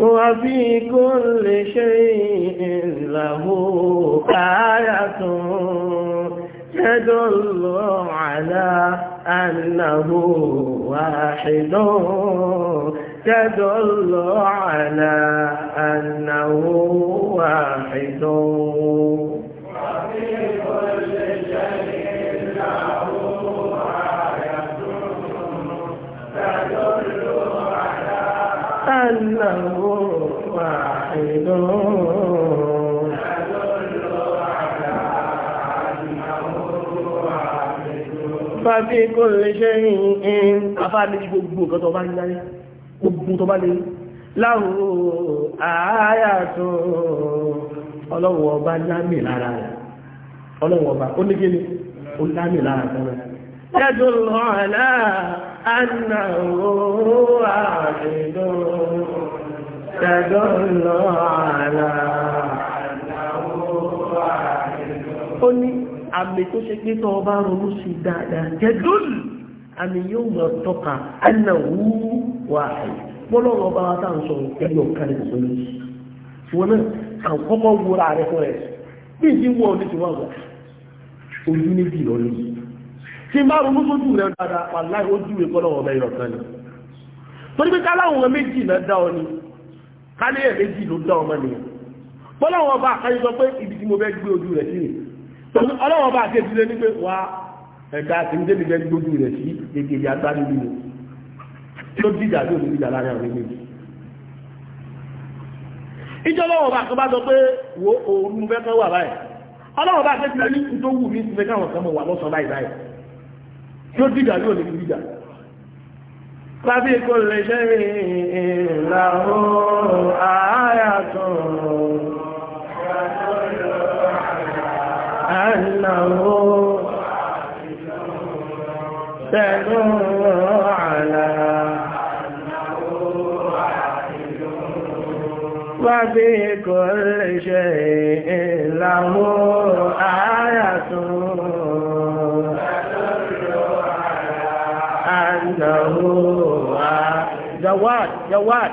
S2: وفي كل شيء له آية تدل على أنه واحد تدل على أنه واحد وفي
S3: كل شيء له آية أنه واحد
S2: Fábí kò lè ṣe ìhìn afáàdé ní gbogbo nǹkan tó bá ní ọba ó ní kí ni? Ó lámì lára rẹ̀. Ẹjọ́ lọ́rẹ̀
S3: أنه واحد تدل على أنه واحد ó ní
S2: àmì tó ṣe pé tó ọba ronú sí dáadáa jẹ́dúlù àmì yóò mọ̀ tọ́ka anáwó wà bọ́lọ́wọ́ bá wá táà ń sọ ẹ̀yọ̀ kárí kò lórí ṣùgbọ́n náà kàn kọ́kọ́ wúra rẹ̀ fún ẹ̀ bí ìdí wọ́n ní ti wà wà ojú méjì lọ́lẹ́yìn tí n bá ronú sójú rẹ̀ dáadáa wàláhì ó júwe kọ́ lọ́wọ́ mẹ́rin ọ̀kan ni torí pé káláwọn ọmọ méjì náà dá ọ ni káléyẹ̀ méjì ló dá ọmọ nìyẹn bọ́láwọn ọba àkáyé sọ pé ibi tí mo fẹ́ gbé ojú rẹ̀ sí ni ọlọ́wọ́n ọba àti ìdílé ní pé wà ẹ̀dá àti ìdílé mi fẹ́ gbé ojú rẹ̀ sí èkejì agbárí mi ni tí ó dìjà tí ó ní dìjà láàrin àwọn méjì ìjọba ọba kan bá sọ pé wo òun fẹ́ kán wà báyìí ọlọ́wọ́n ọba àti ìdílé ní kú tó wù mí ti fẹ́ káwọn kan mọ̀ wà lọ́sàn-án báyìí báyìí yóò dìjà yóò ní dìjà lábí ikọ̀ lè ṣe ìlàró àyàtọ̀
S3: àìlàró tẹ̀lú
S2: àlà lábí ikọ̀ lè ṣe ìlàró
S3: àyàtọ̀ إنه جواد جواد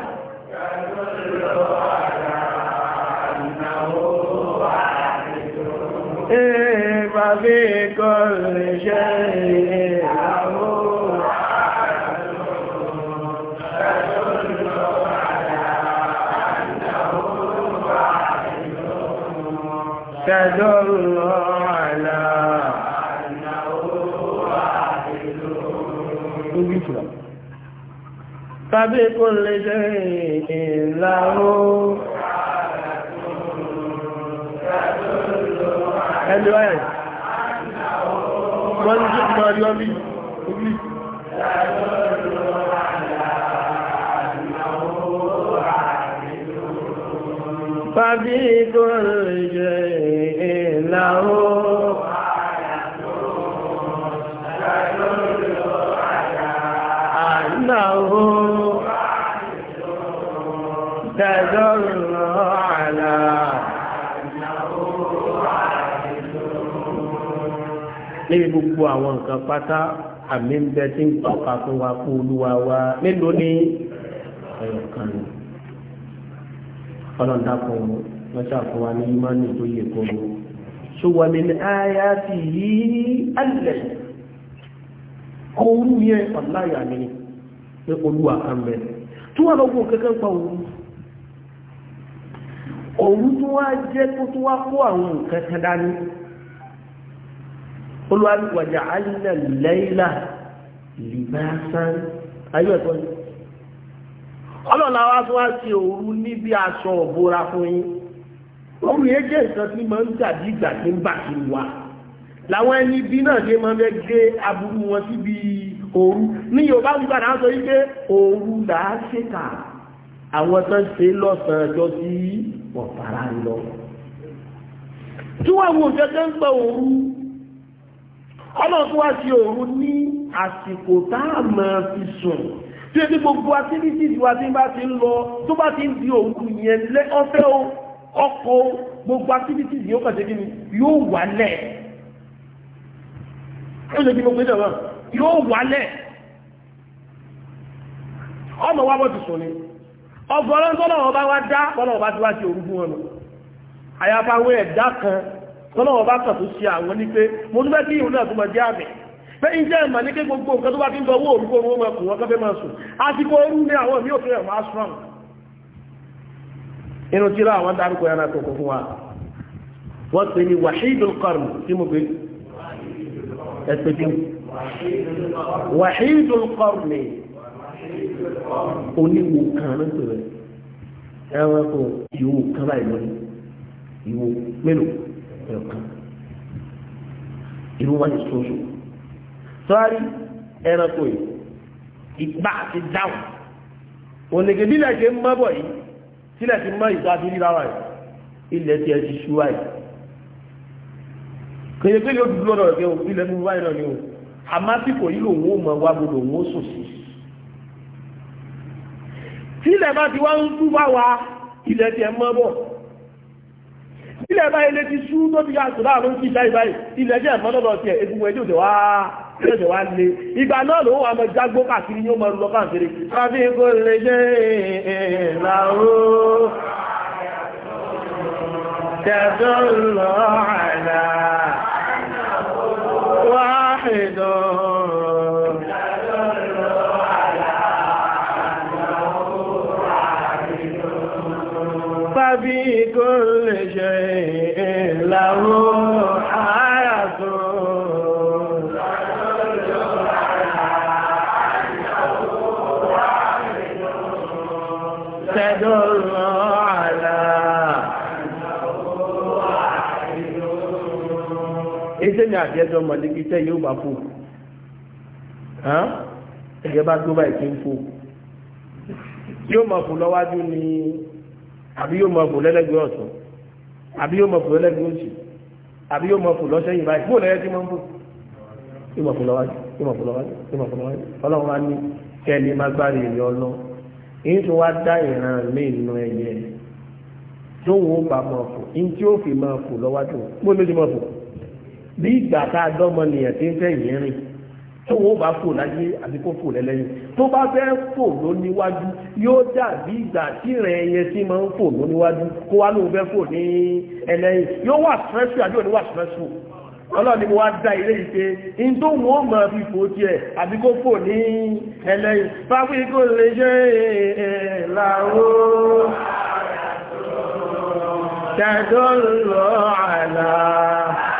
S2: ففي كل شيء له
S3: تدل على
S2: tàbí kò lè jẹ́ ìlàró
S3: ẹni ọ̀yẹ̀ wọ́n jẹ́ ìmọ̀rí ọmí orí Fàbí kò lè jẹ́ ìlàró
S2: gbogbo àwọn nǹkan pátá àmì ń bẹ tí ń tọ́ka fún wa kú olúwa wa mélòó ní ẹ̀yọ̀ kan ní. ọlọ́dà kan wọ́n ṣàfún wa ní imáni tó yẹ kó lọ. ṣùgbọ́n mi ní àyà ti yí alẹ́ oorun yẹn ọ̀láyà mi ni pé olúwa kan bẹ tí wọ́n lọ gbọ́ kankan pa òun òun tó wá jẹ́ tó tó wá kó àwọn nǹkan kan dání olùwàjàjà alìlẹ̀ lẹ́yìnlá libasan ayé ẹ̀kọ́ ni ọlọ́la wa tó wá sí òru níbi aṣọ òbora fún yín òru yẹn jẹ́ nǹkan tí máa ń dàbí ìgbà tí ń bà sí wa làwọn ẹni bí náà ṣe máa ń fẹ́ gbé aburú wọn síbi òru ní yorùbá wípé àná sọ wípé òru là á ṣèkà àwọn tó ń ṣe lọ́sàn-án ọjọ́ sí wọ́n fara lọ. tí wọ́n wo nǹkan tó ń gbọ́ òru ọlọ́run tó wá sí òru ní àsìkò tá a máa fi sùn tí o ní gbogbo activities wa ti bá ti ń lọ tó bá ti ń di òru yẹn lé ọ̀fẹ́ o ọkọ gbogbo activities yóò kàn débi ni yóò wálẹ̀ yóò débi gbogbo ìjọba yóò wálẹ̀ ọmọ wa bọ́ ti sùn ni ọgbọ̀n ọlọ́run tó lọ́wọ́ bá wá dá ọlọ́run bá ti wá sí òru fún wọn nù àyàfà àwọn ẹ̀dá kan tọ́lọ́wọ́ bá kàn tó ṣe àwọn ní pé mo tún fẹ́ kí ìhun náà tó mọ̀ jẹ́ àmì pé iṣẹ́ ìmọ̀ ní pé gbogbo nǹkan tó bá ti ń dọwọ́ orúkọ orú ọmọ ẹkùn wọn kẹfẹ́ máa sùn àsìkò orú ní àwọn ìmí òfin ẹ̀mọ́ asram inú tí ra àwọn dárúkọ yàrá tó fún wa wọ́n pè ní wahidul qarn tí mo pè ẹ̀pẹ̀ tí wahidul qarn ni oníwò kan ló ń pè rẹ̀ ìwò kan láì lọ ìwò mélòó ẹ̀kan irú wáyé ṣoṣo sọ́rí ẹranko yìí ìgbà ti dáhùn ònìkè bílẹ̀ ṣe ń mọ́bọ̀ yìí sílẹ̀ ti mọ́ ìtọ́ àti rírà wáyé ilẹ̀ tí ẹ ti ṣú wáyé kèyè pé yóò dúró lọ́dọ̀ rẹ̀ kí ilẹ̀ fún wáyé náà ni o àmọ́ tí kò yílò òun ó mọ wá gbogbo òun ó sùn sí sílẹ̀ bá ti wá ń tú bá wa ilẹ̀ tí ẹ mọ́ bọ̀ ilẹ̀ báyìí lè ti ṣú tó ti yàtọ̀ láàrin kí ìṣá ìbáyìí ilẹ̀ jẹ́ ìmọ́lọ́dọ̀ ti ẹ̀ egungun ẹjọ́ tẹ̀ wá ẹjọ́ wá lé ìgbà náà ló wà mọ́ jágbó káàkiri yóò mọ́ lọ káàkiri káfíńkó lè jẹ́ ìlàró tẹ̀dọ́ lọ́ àlàá àti ẹjọ́ mọ̀lẹ́kí tẹ́ yóò bá fò ẹ̀jẹ̀ bá tó báyìí kí ń fò yóò máa fò lọ́wájú ni àbí yóò máa fò lẹ́lẹ́gbẹ̀ẹ́ ọ̀sán àbí yóò máa fò lẹ́lẹ́gbẹ̀ẹ́ òsì àbí yóò máa fò lọ́sẹ̀yìn báyìí fò lẹ́yẹ tí máa ń fò yóò máa fò lọ́wájú yóò máa fò lọ́wájú yóò máa fò lọ́wájú ọlọ́run wá ní kẹ́ni má gbárí ìrìn ọlọ èyí tó wá dá ìran mí nù ẹ̀yẹ tó wọ́n bá máa fò ní tí ó fi máa fò bí ìgbà tá a dọ́mọ nìyẹn tí ń fẹ́ yẹn rìn tó wọn bá fò láyé àbí kó fò lẹ́lẹ́yìn tó bá fẹ́ fò lóníwájú yóò dàbí ìgbà tí ìrìn ẹyẹ tí máa ń fò lóníwájú kó wá lóun fẹ́ fò ní ẹlẹ́yìn yóò wà stressful àbí òní wà stressful ọlọ́ọ̀ni mo wá dá ilé ìpe in tó wọ́n mọ̀ fi fò tiẹ̀ àbí kó fò ní ẹlẹ́yìn fáwọn ikú lè ṣe é làwọn
S3: tẹ̀dọ́ lọ́ọ́ àlàá.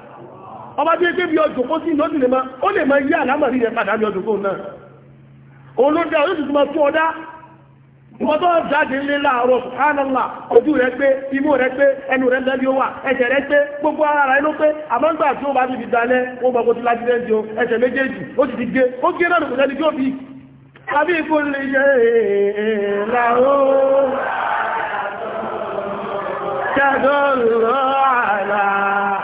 S2: ọba tí ẹgbẹ́ bí ọjọ́ kó sí lọ́dún lè máa ó lè máa yí àlámàrí rẹ̀ padà bí ọjọ́ náà òun máa ọdá láàárọ̀ ojú rẹ̀ pé imú rẹ̀ pé ẹnu rẹ̀ lẹ́bí ó wà gbogbo ara rẹ̀ pé àmọ́ tí ó bá ti fi dalẹ̀ ó ti lájú méjèèjì ó ti ó náà tí ó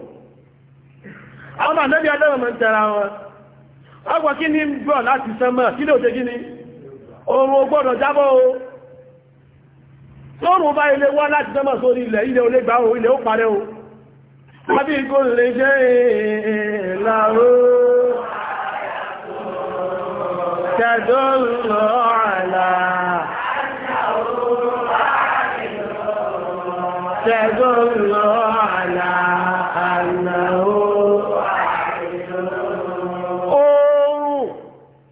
S2: àwọn ànábì Ádámù mọ́ ń tẹ́ra wọn ọgbọ̀ kí ní bọ̀ láti sánmọ̀ kí ló jẹ́ kí ní oòrùn ò jábọ́ o lóòrùn bá ilé wá láti sánmọ̀ sórí ilẹ̀ ilẹ̀ olé o ilẹ̀ ó parẹ́ o lábí àlàá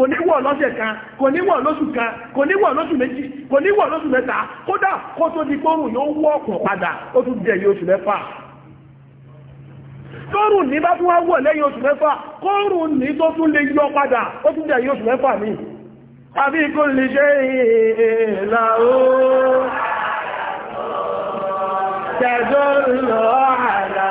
S2: kò ní wọ̀ lọ́sẹ̀ kan kò ní wọ̀ lóṣù kan kò ní wọ̀ lóṣù méjì kò ní wọ̀ lóṣù mẹ́ta kódà kó tó di kórùn yóò wọ́ ọ̀pọ̀ padà ó tún jẹ́ yóò oṣù mẹ́fà kórùn ní bá tún wá wọ̀ lẹ́yìn oṣù mẹ́fà kórùn ní tó tún lè yọ padà ó tún jẹ́ yóò oṣù mẹ́fà míì àbí kò lè ṣe ìlà oó tẹ̀dọ́ lọ́ọ̀lá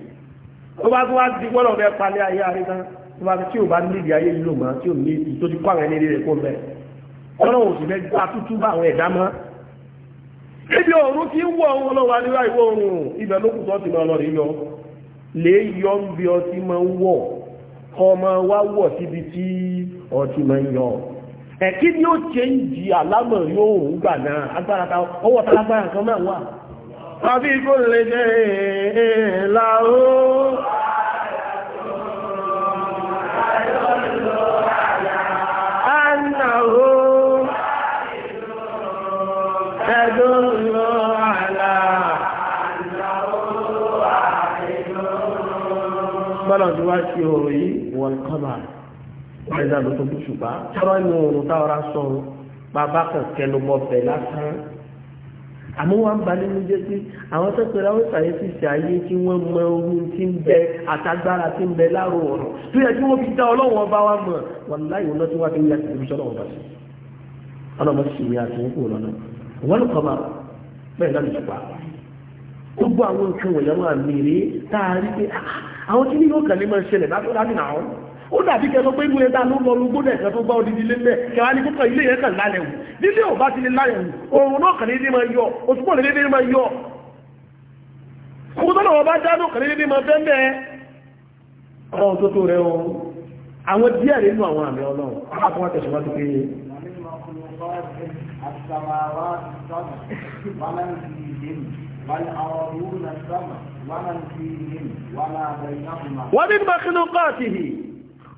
S2: ó bá tó wá di gbọ́dọ̀ bẹ́ẹ̀ palẹ̀ ayé àrí tán tó bá tí ò bá nídìí ayé lílò mọ́ tí ò ní ìdí ti kọ́ àwọn ẹni rẹ̀ kó bẹ́ẹ̀ ọlọ́run ò sì gba tútú bá àwọn ẹ̀dá mọ́ níbi òórùn tí ń ohun ọlọ́wà níwá ìwọ̀ oòrùn ibẹ̀ ló kù tó ti máa lọ yọ lè yọ ń bí ọtí máa ń wọ̀ kọ́ máa wá wọ̀ síbi tí
S3: ọtí máa ń yọ
S2: ẹ̀kí ni ó ṣe ń di àlámọ̀ yóò ń gbà náà agbára ta ọwọ́ Àbí kò lè jẹ́ ìlàó.
S3: Annahu tadullu ala Bọ́lọ̀dún wá
S2: sí ọ̀rọ̀ yìí wọ̀n kọ́bà. Ẹ̀dà ló tó bú ṣùgbá. Tọ́rọ inú òrùn táwọ́rá sọ́rọ̀, bàbá kan kẹlùmọ́ bẹ̀ lásán àmọ́ wọ́n bá nínú jẹ́ sí àwọn tó pẹ̀lú àwọn ìsàyẹ́ sí ṣe ayé tí wọ́n mọ ohun tí ń bẹ àtagbára tí ń bẹ láàrò ọ̀rọ̀ tó yẹ kí wọ́n fi dá ọlọ́run ọba wa mọ̀ wọn láì wọn tí wọ́n fi ń yà sí ìbísọ́ ọlọ́run ọba sí ọlọ́run sì rí àti ìkú lọ́nà wọ́n ló kọ́mà bẹ́ẹ̀ lọ́nà ìjọba gbogbo àwọn nǹkan wọ̀nyẹn wà mí rí táà rí pé ah, àwọn tí ní yóò ó dàbí kẹsọ pé ìmúlẹ̀ dáa ló lọ lógbó lẹ̀kẹ́ tó gbá odidi ilé mẹ́ kẹwàá ní kúkọ ilé yẹn kàn lálẹ́ wù nílé ò bá ti lè lálẹ́ wù òun náà kàn lédè máa yọ òtúpọ̀ lè lédè máa yọ kókótọ́ lọ́wọ́ bá dáná kàn lédè máa bẹ́ mẹ́ ọlọ́run tó tó rẹ o àwọn díẹ̀ nínú àwọn àmì ọlọ́run alákọ̀ọ́ tẹ̀síwájú pé
S4: السماوات السبع ومن فيهن والأرضون السبع ومن فيهن وما
S2: بينهما ومن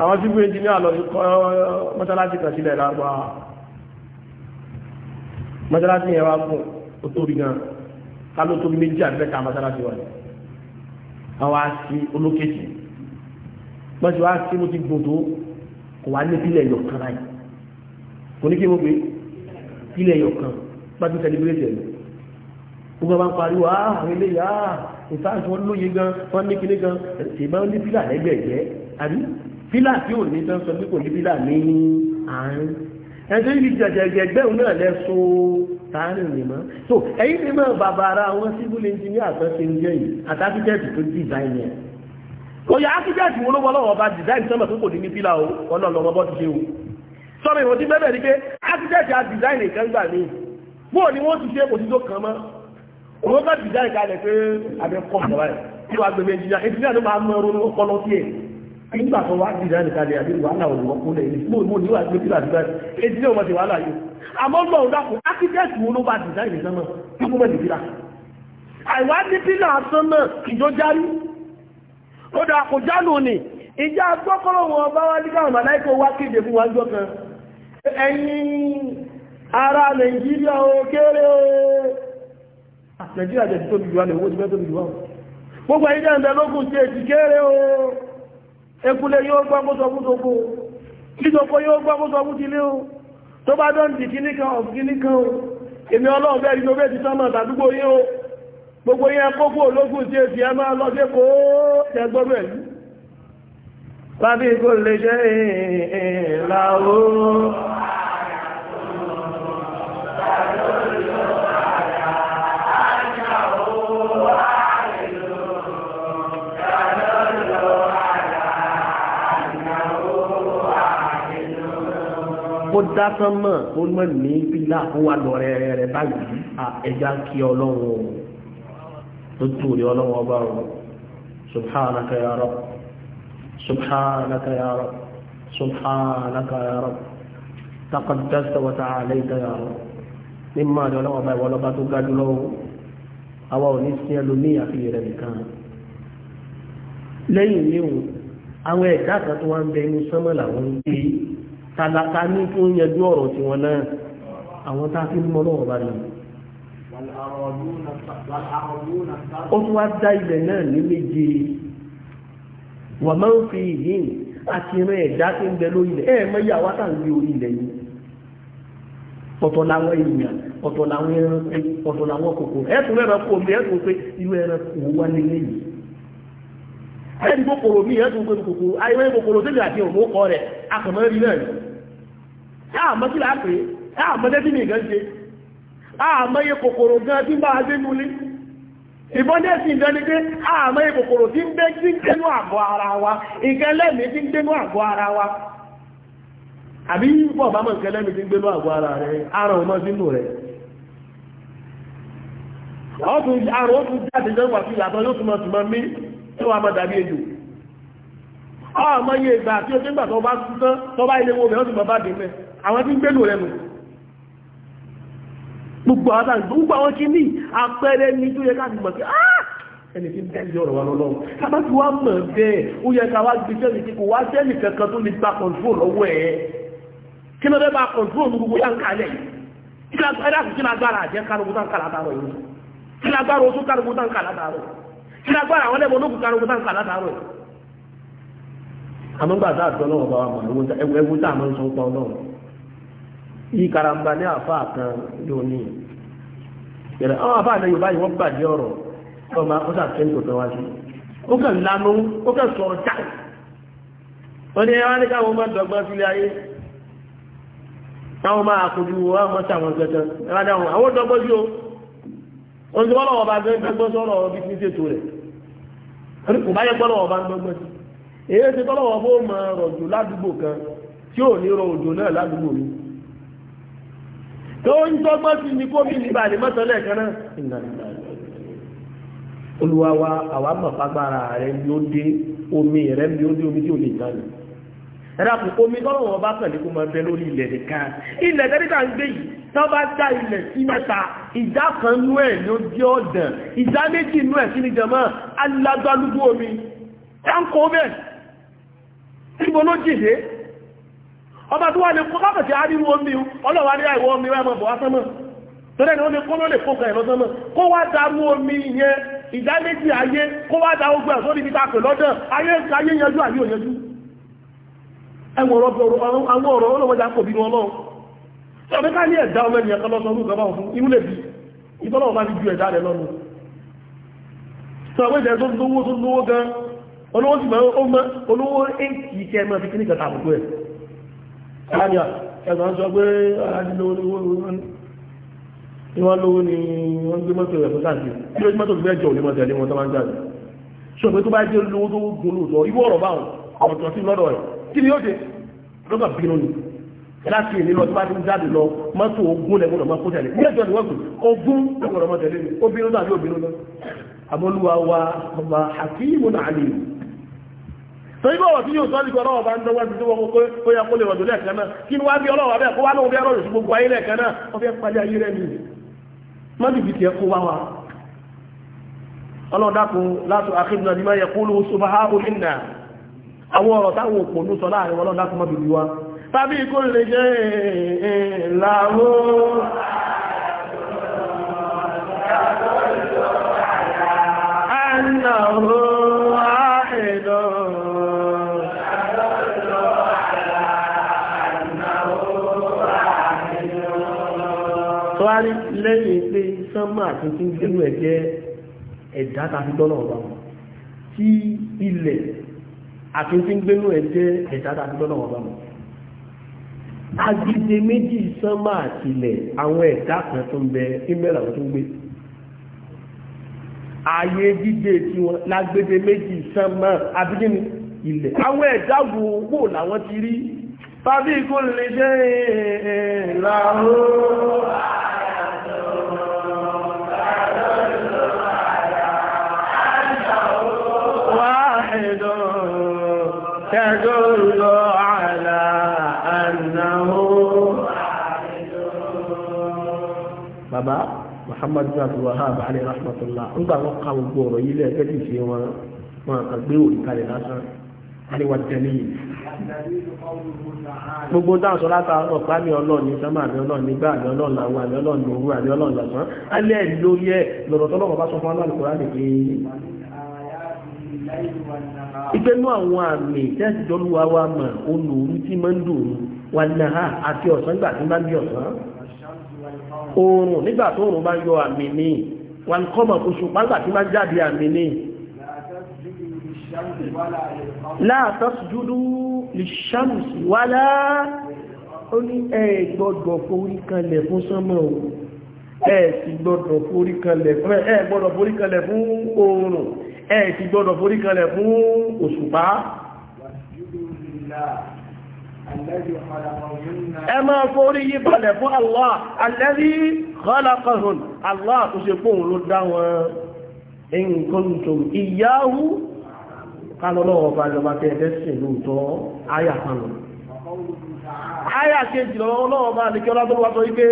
S2: àwọn tí gbé engineer lọ ikọ́ mọ́tálásí kan sílẹ̀ lágbà mọ́tálásí yẹn wá gùn ó tóbi gan ká ló tóbi méjì àbẹ́ta mọ́tálásí wa àwọn àti olókèjì wọ́n wá sí mo ti gùn tó kò wá ní ìpínlẹ̀ yọ̀ kan kò ní kí mo pé ìpínlẹ̀ yọ̀ kan pàtó sẹlẹ̀bírẹ̀tì ẹ̀ gbogbo àwọn pariwo ah, àwọn ilé yà ah, á ìfáàsì wọn lóye gan wọn ní kíní gan ṣèbá ní pílà lẹ́gbẹ̀ẹ́ bílà tí ò ní tán sọ pé kò ní bílà ní àárín ẹjọ́ ibi jẹjẹrẹ ẹgbẹ́ òun náà lẹ́sọ tààrin rẹ̀ mọ́ so ẹ̀yìn ni mọ́ bàbá ara àwọn civil engineer àtọ́sẹ̀ ń jẹ́ yìí àtàkìtẹ́ẹ̀tì tó design yẹn oyè architect wo ló wọ́n lọ́wọ́ bá design sọ́mọ̀ tó kò ní ní pílà o ọlọ́lọ́wọ́ bọ́ ti ṣe o sọ́mọ̀ ìwọ̀n ti bẹ́bẹ̀ ni pé architect á design nìkan gbà ní bóò ni wọ́n ti ṣe kò sí tó kàn mọ́ òun bá design kalẹ̀ pé abẹ́ kọ́ ọ̀sán báyìí kí wàá gbẹ̀mí engineer engineer ló máa mọ ọrùn ọpọlọ sí nígbà tó wá sí ìdáni kalẹ̀ àbí wàhálà òwò kúnlẹ̀ yìí mo mo níwà pé kílà síbẹ̀ èdè tí ọmọ ti wàhálà yìí àmọ́ lọ òdàkùn ákítẹ́ẹ̀tì wo ló bá dìsáìnì sánmọ̀ kí kó mẹ́lì kílà àìwá ní pílà sánmọ̀ ìjọ járí ó dà kò jálù ni ìjà gbọ́kọ́rọ̀ wọn bá wá nígbà wọn láìkó wá kéde fún wa jọ kan ẹ̀yin ara nàìjíríà ó kéré ó ah, nàìjíríà jẹ̀ tóbi jù wá ní owó ti fẹ́ tóbi jù wá gbogbo ekule yóò gbọ́ kó sọ fún soko títoko yóò gbọ́ kó sọ fún tilé o tó bá dán di kíní kan ọ̀fún kíní kan o èmi ọlọ́run bẹ́ẹ̀ ni mo bẹ́ẹ̀ ti sọ́mọ̀ tàdúgbò yé o gbogbo yẹn kókó ológun tí èsì ẹ máa lọ sí kó tẹgbọ́ bẹ́ẹ̀ ni. Bábí kò lè ṣe ìlà oòrùn. dá sánmọ̀ ó mọ̀ ní pílà ó wà lọ rẹ̀ rẹ̀ báyìí ẹja kí ọlọ́run tó túrí ọlọ́run ọba ọ̀rọ̀ subhanaka ya rab subhanaka ya rab subhanaka ya rab taqaddasta wa ta'alayta ya rab mímọ àdé tàlàkà ní tó ń yẹjú ọ̀rọ̀ tí wọn náà àwọn tá a fi mọ́ lọ́wọ́ bá nìyí. ó tún wá dá ilẹ̀ náà ní méje wà máa ń fi ìhìn àti ìrìn ẹ̀dá tí ń bẹ lórí ilẹ̀ ẹ̀ mọ́ yà wá tà ń gbé orí ilẹ̀ yìí ọ̀tọ̀ làwọn èèyàn ọ̀tọ̀ làwọn ẹranko ọ̀tọ̀ làwọn kòkòrò ẹ̀sùn ẹranko mi ẹ̀sùn pé irú ẹranko wà nílé yìí ẹni kòkòrò mi ẹ̀ tún pẹ̀lú kòkòrò ayẹwẹ́ kòkòrò tó lè àti òmó kọ rẹ̀ akọ̀mọ́ náà ni láàmọ́ kí láà pé ya tẹ́tí mi ṣe a kòkòrò gan tí ń bá adé múlé ìbọn dẹ́ sí ìdán kòkòrò tí ń gbé tí ń gbénú àgọ́ ara wa tí ń gbénú àgọ́ ara wa tí wọ́n á máa dàbí ejò ọmọ iye ìgbà tí ó ti ń gbà tó bá kú tán tó bá ilé wọn obìnrin ti bàbá dé mẹ́ àwọn tí ń gbélò rẹ̀ nù gbogbo àwọn tàbí gbogbo àwọn kí ní àpẹẹrẹ ní tó yẹ káàkiri mọ̀ sí ah! ẹni tí ń tẹ́lẹ̀ ọ̀rọ̀ wa lọ́lọ́run kábà tí wàá mọ̀ bẹ́ẹ̀ ó yẹ ká wá gbé sẹ́ni tí kò wá sẹ́ni kankan tó lè gba kọ̀ǹtrol lọ́wọ́ ẹ̀ kí ló dé bá kọ̀ǹtrol ní gbogbo yàn kalẹ̀ kí lágbára kí lágbára àjẹ́ kálukú tán kàlá dárọ̀ yìí kí lágbára oṣù kálukú tán kàlá dárọ̀ yìí kí agbára àwọn ẹlẹ́bọn olókùn karùn-ún tá ń kà látàárọ̀ àmọ́gbàdá àti ọlọ́run bá wà mọ̀ ẹwú tá a máa ń sọ pa ọlọ́run yìí karamba ní àfa kan yóò ní ìrẹ̀ àwọn àfa àti yorùbá yìí wọ́n gbàdé ọ̀rọ̀ ọmọ ó sàtẹ́ ní kòtò wá sí ó kàn lánú ó kàn sọ̀rọ̀ já wọ́n ní ẹwà ní káwọn ọmọ dọ̀gbọ́n sílé ayé káwọn máa kojú wọn máa sàwọn gẹ́gẹ́ ẹwà dáhùn àwọn dọ̀gbọ́n sí o oúnjẹ wọn lọ́wọ́ bá gbé gbẹgbẹ sọ̀rọ̀ ọbí tí ń ṣètò rẹ̀ torí kò bá yẹ gbọ́ lọ́wọ́ bá ń gbẹgbẹ sí èyí ṣe ládùúgbò kan tí ò ní rọ òjò náà ládùúgbò ni kan náà olùwàwà rẹ̀ ó omi rẹ̀ ó dé omi tí ò ẹ̀dàkùn omi tọ́lọ̀wọ̀ bá pẹ̀lú kó máa bẹ lórí ilẹ̀ nìkan ilẹ̀ tẹ́lítà ń gbé yìí tọ́ bá já ilẹ̀ sí mẹ́ta ìdá kan nú ẹ̀ ló jẹ́ ọ̀dàn ìdá méjì nú ẹ̀ sí ni jẹ̀mọ́ alágbálúgbó omi táǹkó bẹ́ẹ̀ níbo ló jìde ọba tó wà ní kó kákàtí ariwo omi ọlọ́wà ní àìwọ omi wẹ́mọ̀ bọ̀ wásánmọ̀ tọ́lẹ̀ ni ó ní kó ló lè kó kan ìlọ́sánmọ̀ kó wá darú omi yẹn ìdá méjì ayé kó wá da ogun ẹ̀ sórí ibi ta pè lọ́dọ̀ ayé yanjú àbí òyanjú ẹwọ̀n ọ̀rọ̀ àwọn ọ̀rọ̀ ọlọ́wọ́dá kò bí wọn lọ́wọ́ tí ọmọ ká ní ẹ̀dá ọmọ ènìyàn kan lọ́sọ orúkọ bá fún inú lè bí ìtọ́lọ́wọ́ bá fi ju ẹ̀dá rẹ̀ lọ́nu tí ọmọ ìjẹ́ tó lówó tó lówó gan olówó sì máa ó mọ́ olówó èkì kẹ mọ́ fi kíní kẹta àbùkù ẹ̀ sáàdìà ẹ̀sán sọ pé ìwọ́n ah, lówó ni wọ́n gbé mọ́tò rẹ̀ fún sáàdì kí ló ti mọ́tò gbẹ́jọ òní mọ́tò ẹ̀lẹ́ wọn tó máa ń jáde ṣùgbọ́n tó bá jẹ́ lówó tó gùn lóòótọ́ ìwọ́ ọ̀rọ̀ báwọn ọ̀tọ̀ sí lọ́dọ̀ rẹ̀ kí ni yóò dé lọ́gbà bínú ni láti ìní lọ tí wọ́n ti ń jáde lọ mọ́tò ogún lẹ́gbọ́n lọ́mọ kó tẹ̀lé ní ẹjọ́ ni wọ́n kù ogún lẹ́gbọ́n lọ́mọ tẹ̀lé ni obìnrin náà yóò bínú náà àmọ́lúwa wa ọba hakimu náà lè yìí torí bọ́ ọ̀tí yóò sọ́lì gbọ́rọ̀ ọba ń dọ́wọ́ ti wọ́n kó yá kó lè rọ̀dọ̀ lẹ́ẹ̀kan náà kí ni wá bí ọlọ́wọ́ abẹ́ kó wá lóun bí ọlọ́rọ̀ sí gbogbo ayé lẹ́ẹ̀kan náà wọ́n fẹ́ parí ayé rẹ̀ ni mọ́bí bí tiẹ̀ kó wá wa ọlọ́dàkùn látò àkíndà ní máa yẹ kó lóun sọ àwọn ọ̀rọ̀ táwọn òpò ló sọ láàrin wọn lọ́nà lákùnmọ́ bìbí wa tàbí ikú lè jẹ́ ìlàmó
S3: ẹ̀nàró àìdọ̀ tó wá
S2: rí lẹ́yìn pé sánmà àti tí ń gbẹ́rù ẹ̀jẹ́ ẹ̀dá tàbí dọ́nà àti tí ń gbénú ẹ̀ jẹ́ ẹ̀ṣádà tó lọ́wọ́ bá mọ̀. agídé méjì sánmà àtìlẹ̀ àwọn ẹ̀dá kan tó ń bẹ ìmẹ́rà tó ń gbé ààyè dídé tí wọn lágbédé méjì sánmà abídínú ilẹ̀ àwọn ẹ̀dá wo wò làwọn ti rí fàbí kò lè jẹ́ ìlàró Muhammad bin Abdul Wahab alayhi rahmatullah ńgbà wọn ka gbogbo ọ̀rọ̀ yìí lẹ ẹgbẹ́ ìṣe wọn wọn kà gbé òrìkalẹ̀ lásán àríwá tẹ̀lé gbogbo dáhùn sọ láta ọ̀pá mi ọlọ́ọ̀ni sẹ́mà àmì ọlọ́ọ̀ni nígbà àmì ọlọ́ọ̀ni àwọn àmì ọlọ́ọ̀ni òru àmì ọlọ́ọ̀ni lọ́sàn alẹ́ lórí ẹ̀ lọ́rọ̀ tọ́lọ́wọ́ bá sọ fún ọlọ́ọ̀ni kò ráàlì pé ìgbẹ́nú àwọn àmì tẹ́sí tọ́lúwa wa mọ̀ olùrú tí máa ń dùn wà náà àti ọ̀sán gbà tí máa ń bí ọ̀sán oòrùn nígbà tó oòrùn bá yọ àmì ní wọn kọ́mọ̀ oṣù pàgbà tí máa jáde àmì ní láàtọ́sùdúdú lìṣàmùsì wálá ó ní ẹ forí kanlẹ̀ fún sánmọ̀ o ẹ sì forí kanlẹ̀ fún oòrùn ẹ sì forí kanlẹ̀ fún òṣùpá ẹ máa forí yí balẹ̀ fún Allah alladhi khalaqahun Allah tó ṣe fóun ló dá wọn in kuntum iyyahu kálọ́lọ́wọ́ bá lọ́ba tẹ́ ẹ̀fẹ́ sí lóòótọ́ áyà kan lọ. áyà kejì lọ́wọ́ bá lè kí ọlá wípé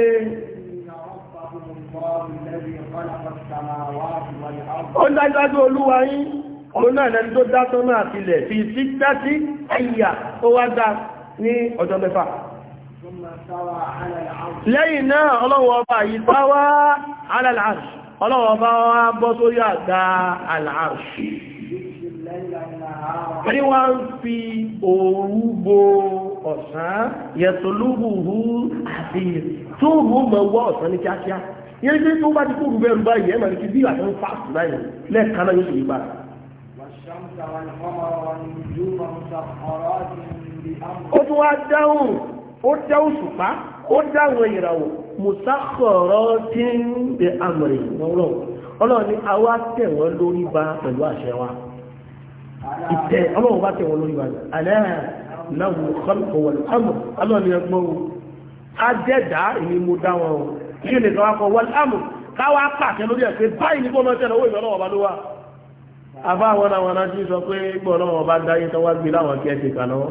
S2: ó dájúdájú olúwa yín òun náà lẹ́ni tó dá sọ́nà àtìlẹ̀ fi sí dá ẹ̀yà ó wá dá ní ọjọ́ mẹ́fà lẹ́yìn náà ọlọ́wọ́ ọba yìí táwá alàlàáṣì ọlọ́wọ́ ọba wá bọ́ sórí àgbà alàáṣì ní wọ́n ń fi òru bo ọ̀sán yẹ̀tọ̀lúhùhù àti tó mú mọ̀ wọ́ ọ̀sán ní kíákíá yẹ́ ó tún wá dáhùn ó dá òṣùpá ó dáhùn ìràwọ̀ mùsákọ̀rọ̀ tí ń bẹ àmọ̀rì lọ́rọ̀ ọlọ́run ni a wá tẹ̀ wọ́n lórí ba pẹ̀lú àṣẹ wa ìtẹ̀ ọlọ́run bá tẹ̀ wọ́n lórí ba alẹ́ náà kọ́lùkọ̀ wọ̀lù o adẹ́dá ìní mo dá o kí ni kan wá kọ wọ̀lù àmọ̀ káwá pàṣẹ lórí ẹ̀ pé báyìí ní bọ́ọ̀mọ́ tẹ̀lé owó ìrọ̀lọ́wọ́ bá ló wà àbá àwọn àwọn aráàlú sọ pé gbọ́ọ̀lọ́wọ́ bá dáyé tán wá gbé láwọn kí ẹ ti kà lọ́wọ́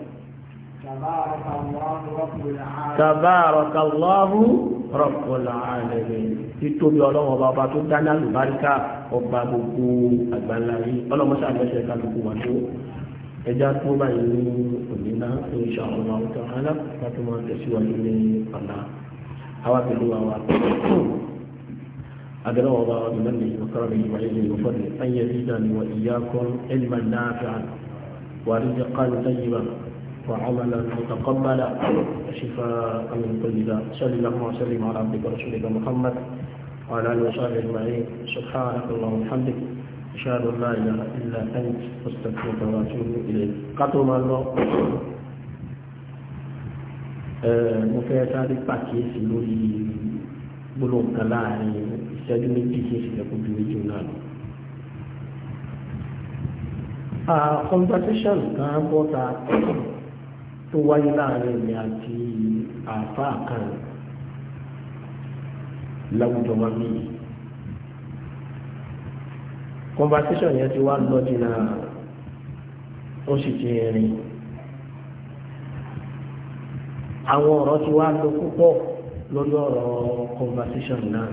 S4: tabarakallahu
S2: rabbul alamin títóbi ọlọ́wọ́ bàbá tó dáná àlùbáríkà ọba gbogbo àgbàlá yìí ọlọ́mọṣẹ́ àgbẹ̀ṣẹ́ kálukú wà tó ẹja tó báyìí ní òní náà insha
S1: Allah ta'ala láti máa tẹ̀síwájú ní ọ̀la àwa pẹ̀lú àwa. أدنى الله بمنه وكرمه وعزه وفضله أن يزيدني وإياكم علما نافعا ورزقا طيبا وعملا متقبلا وشفاء من كل داء صلى الله وسلم على عبدك ورسولك محمد وعلى اله وصحبه اجمعين سبحانك اللهم وبحمدك اشهد ان لا اله الا انت استغفرك واتوب اليك قطر ما الله mo fẹ́ sáré pàkíyèsí lórí gbólóhùn kan láàrin ìṣẹ́jú méjì sí ìṣẹ̀lẹ̀kùn ju méjì náà lọ. conversation kan bọ́ta tó wáyé láàrin èmi àti àáfàá kan láwùjọ wa mí. conversation yẹn ti wá lọ jìnnà ó sì ti rìn.
S2: àwọn ọ̀rọ̀ ti wá lọ púpọ̀ lórí ọ̀rọ̀ conversation náà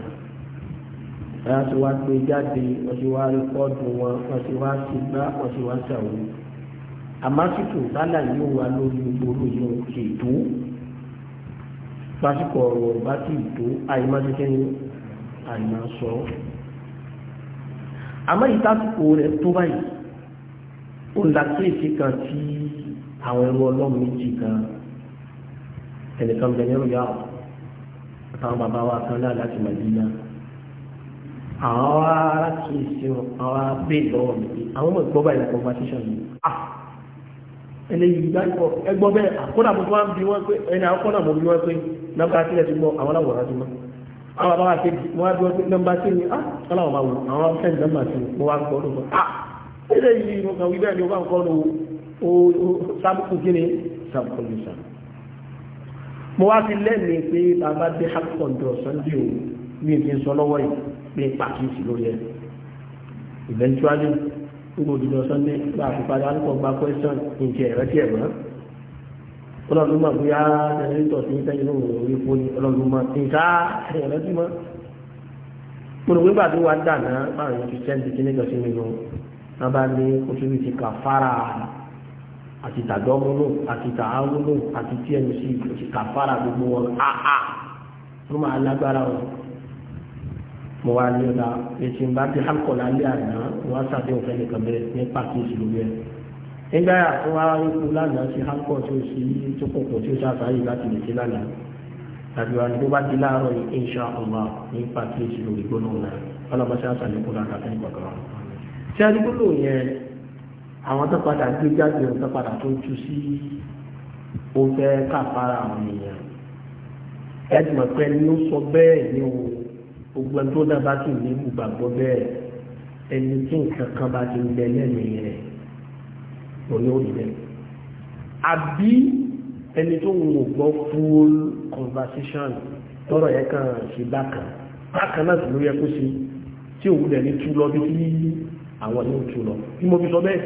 S2: ẹ̀yà ti wá gbé jáde wọ́n ti wá rẹ́kọ́ọ̀dù wọn wọ́n wá
S1: sí gbá wọ́n wá sàwùjọ àmọ́ àsìkò bálà yóò wá lórí orú yóò
S2: ṣe tó lásìkò ọ̀rọ̀ bá ti tó àìmọ́tẹ́tẹ́ ní àìmọ́ sọ àmọ́ ìtàkùkù rẹ̀ tó báyìí ó làkíyèsí kan tí àwọn ẹrú ọlọ́run méjì kan
S1: ẹnìkan bẹ̀rẹ̀ ẹrù yà ọ́ àtàwọn bàbá wa kan náà láti
S2: màdínà àwọn arákìyèsí wọn àwọn abẹ́ ìlọ́wọ́ mi àwọn ọmọ ìgbọ́ báyìí conversation yìí ah eléyìí ìgbàgbọ́ ẹgbọ́ bẹ́ẹ̀ àkọ́dà mo máa ń bi wọ́n pé ẹni àkọ́dà mo bi wọ́n pé nọ́mbà sílẹ̀ ti gbọ́ àwọn aláwòrán ti mọ́ àwọn àbáwá ti mo wá bí wọ́n pé nọ́mbà sí ni ah aláwọ̀ máa wò àwọn afẹ́ nọ́mbà sí mo wá ń kọ́ ló mọ́ ah eléyìí mo kàn wí bẹ́ẹ̀ ni mo bá ń kọ́ ló o sábùkù kí ni sábùkù ní sàn. mo wá fi lẹ́mìí pé bàbá dé hakọ̀ǹdọ̀ sunday o mi kì í sọ lọ́wọ́ yìí pé pàkíyèsí lórí ẹ̀ eventually gbogbo òdìdọ̀ sọ́ndé gba àfipadà alùpọ̀ gba kwẹ́sọ̀n ìjẹ́ ẹ̀rọ tí ẹ̀ mọ́ ọlọ́run máa bóyá jẹnẹrétọ̀ tí ń tẹ́yìn lóhùn òun epo ni ọlọ́run máa ti ń ká ẹ̀rọ tí mọ́ mo rò pé gbà tó wà dànà báwọn ti sẹ́ǹtì kí nígbà sí mi lọ wọn bá ní kótóbi ti kà fara àti tàdọ́múnú àti tàáwúnú àti tmc àti kà fara gbogbo wọn áá ló máa lágbára wọn mo wá ní ọ̀la èsì ń bá ti hàkọ̀ lálẹ́ àná mo wá sàdé òfin nìkan bẹ́ẹ̀ ní pàtó ìṣòro bẹ́ẹ̀. nígbà tó wá ipò lánàá sí hàkọ̀ tí ó sì tó kọ̀kọ̀ tí ó ṣàṣàyè láti lè ṣe lánàá tàbí wá ní bó bá ti láàárọ̀ yìí insha Allah
S1: ní pàtó ìṣòro ìgbóná ọ̀la ọlọ́mọṣẹ́ àṣàlẹ̀ kó lára fẹ́ kọ̀ọ̀kan wa. tí a dúró yẹ
S2: àwọn tó padà gbé jáde tó padà tó tú sí ó fẹ́ kàfàrà àwọn gbogbo ẹni tó náà bá sì ní ìgbàgbọ́ bẹ́ẹ̀ ẹni tí nǹkan kan bá ti ń bẹ lẹ́mìí rẹ̀ òní ò bẹ́ẹ̀ àbí ẹni tó ń wò gbọ́ full conversation tọrọ yẹn kan ṣe bákan bákan náà sì ló yẹ kó ṣe tí òun dẹ̀ ní tú lọ bí tí àwọn yóò tú lọ bí mo fi sọ bẹ́ẹ̀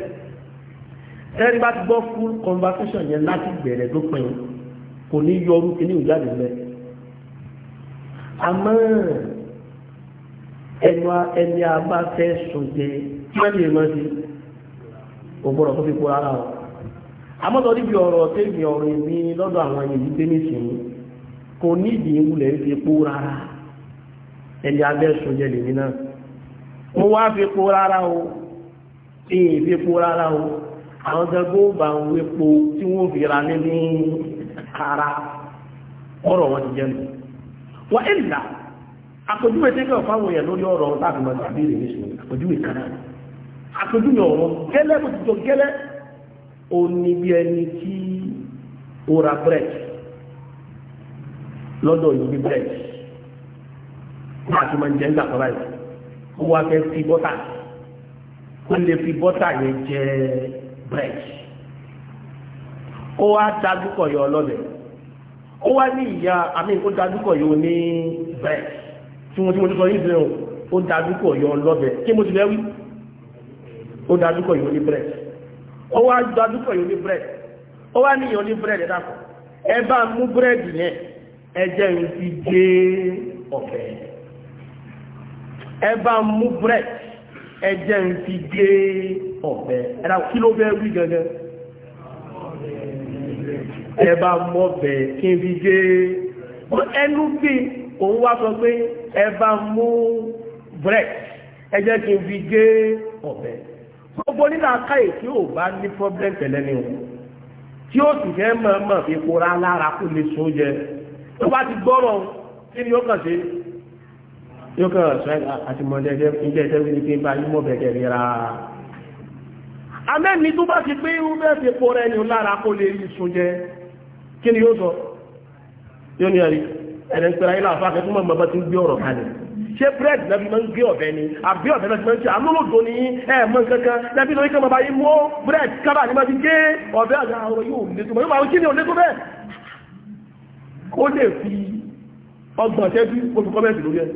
S2: ẹni bá ti gbọ́ full conversation yẹn láti bẹ̀rẹ̀ dópin kò ní yọrù kí ní ìjáde bẹ́ẹ̀ àmọ́ ẹnu ẹni abá fẹ́ sùn jẹ mẹ́lì mọ́ sí ògbọ́dọ̀ tó fi kó rárá o àmọ́tọ́ níbi ọ̀rọ̀ tẹ́gbìn ọ̀rọ̀ ìní lọ́dọ̀ àwọn èyí gbé nísìnyí kò nídìí ìwúlẹ̀ ń fi kó rárá ẹni abẹ́ sùn jẹ lèmi náà mo wá fi kó rárá o èyí fi kó rárá o àwọn gẹ́gẹ́ ó bá ń wépo tí wọ́n fi ra ní ní ara ọ̀rọ̀ wọn ti jẹ́ nù wọ́n ẹ̀ àpèjúwe tí kò fáwọn èèyàn lórí ọ̀rọ̀ ọ̀tá àti màtí àbíyèrè ní ṣòro àpèjúwe kan náà àpèjúwe ọ̀rọ̀ gẹ́lẹ́ bó ti jọ gẹ́lẹ́ ó ní bí ẹni tí ó ra bread lọ́dọ̀ yìí bí bread bá a ti máa ń jẹ nígbà kan báyìí ó wá fẹ́ fi bọ́tà ó lè fi bọ́tà yẹn jẹ bread ó wá dájú kọ̀ yọ ọlọ́dẹ ó wá ní ìyá àmì kó dájú kọ̀ yọ ní bread tí mo tí mo ti sọ yìí sẹ́yìn ó dájú kọ̀ yọ lọ́bẹ̀ kí mo ti lẹ́wí ó dájú yọ ní bread ó wá dájú kọ̀ yọ ní bread ó wá ní yọ ní bread ẹ̀dá kan ẹ bá mú bread yẹn ẹ jẹ́ n ti gé ọ̀fẹ́ ẹ bá mú bread ẹ jẹ́ n ti gé ọ̀fẹ́ ẹ̀dá kí ló fẹ́ wí gangan ẹ bá mú ọ̀fẹ́ kí n fi gé ẹnu gbé òun wá sọ pé ẹ bá mú bread ẹ jẹ́ kí n fi gé ọ̀bẹ gbogbo nínú akáyè tí ò bá ní problem tẹ̀lẹ́ ni o tí ó sì fẹ́ mọ̀ mọ̀ fi kóra lára kó lè so jẹ tó bá ti gbọ́rọ̀ kí ni ó kàn ṣe yóò kàn sọ àti mọ̀lẹ́ ẹgbẹ́ ìtẹ́wé ní pé bá yín mọ̀ bẹ̀kẹ̀ rí ra amẹ́ni tó bá ti pé ó bẹ́ẹ̀ fi kóra ẹni lára kó lè rí jẹ kí ni yóò sọ yóò ní ẹ̀rí ẹ̀rẹ̀ ń pẹ́ra ilé àfa akẹ́kọ̀ọ́ mọ̀ bá ti ń gbé ọ̀rọ̀ kalẹ̀ ṣé búrẹ́dì náà fi máa ń gbé ọ̀bẹ ni àbí ọ̀bẹ náà fi máa ń ṣe amúlòdò ni ẹ mọ kankan lẹ́bí lórí kan bàbá yìí mú búrẹ́dì kábà ní máa ti gé ọ̀bẹ àgbà ọ̀rọ̀ yóò lè tó máa kí ni ò lè tó bẹ́ẹ̀. ó lè fi ọgbọ̀n ṣẹ́jú oṣù kọ́mẹ́ǹtì lórí ẹ̀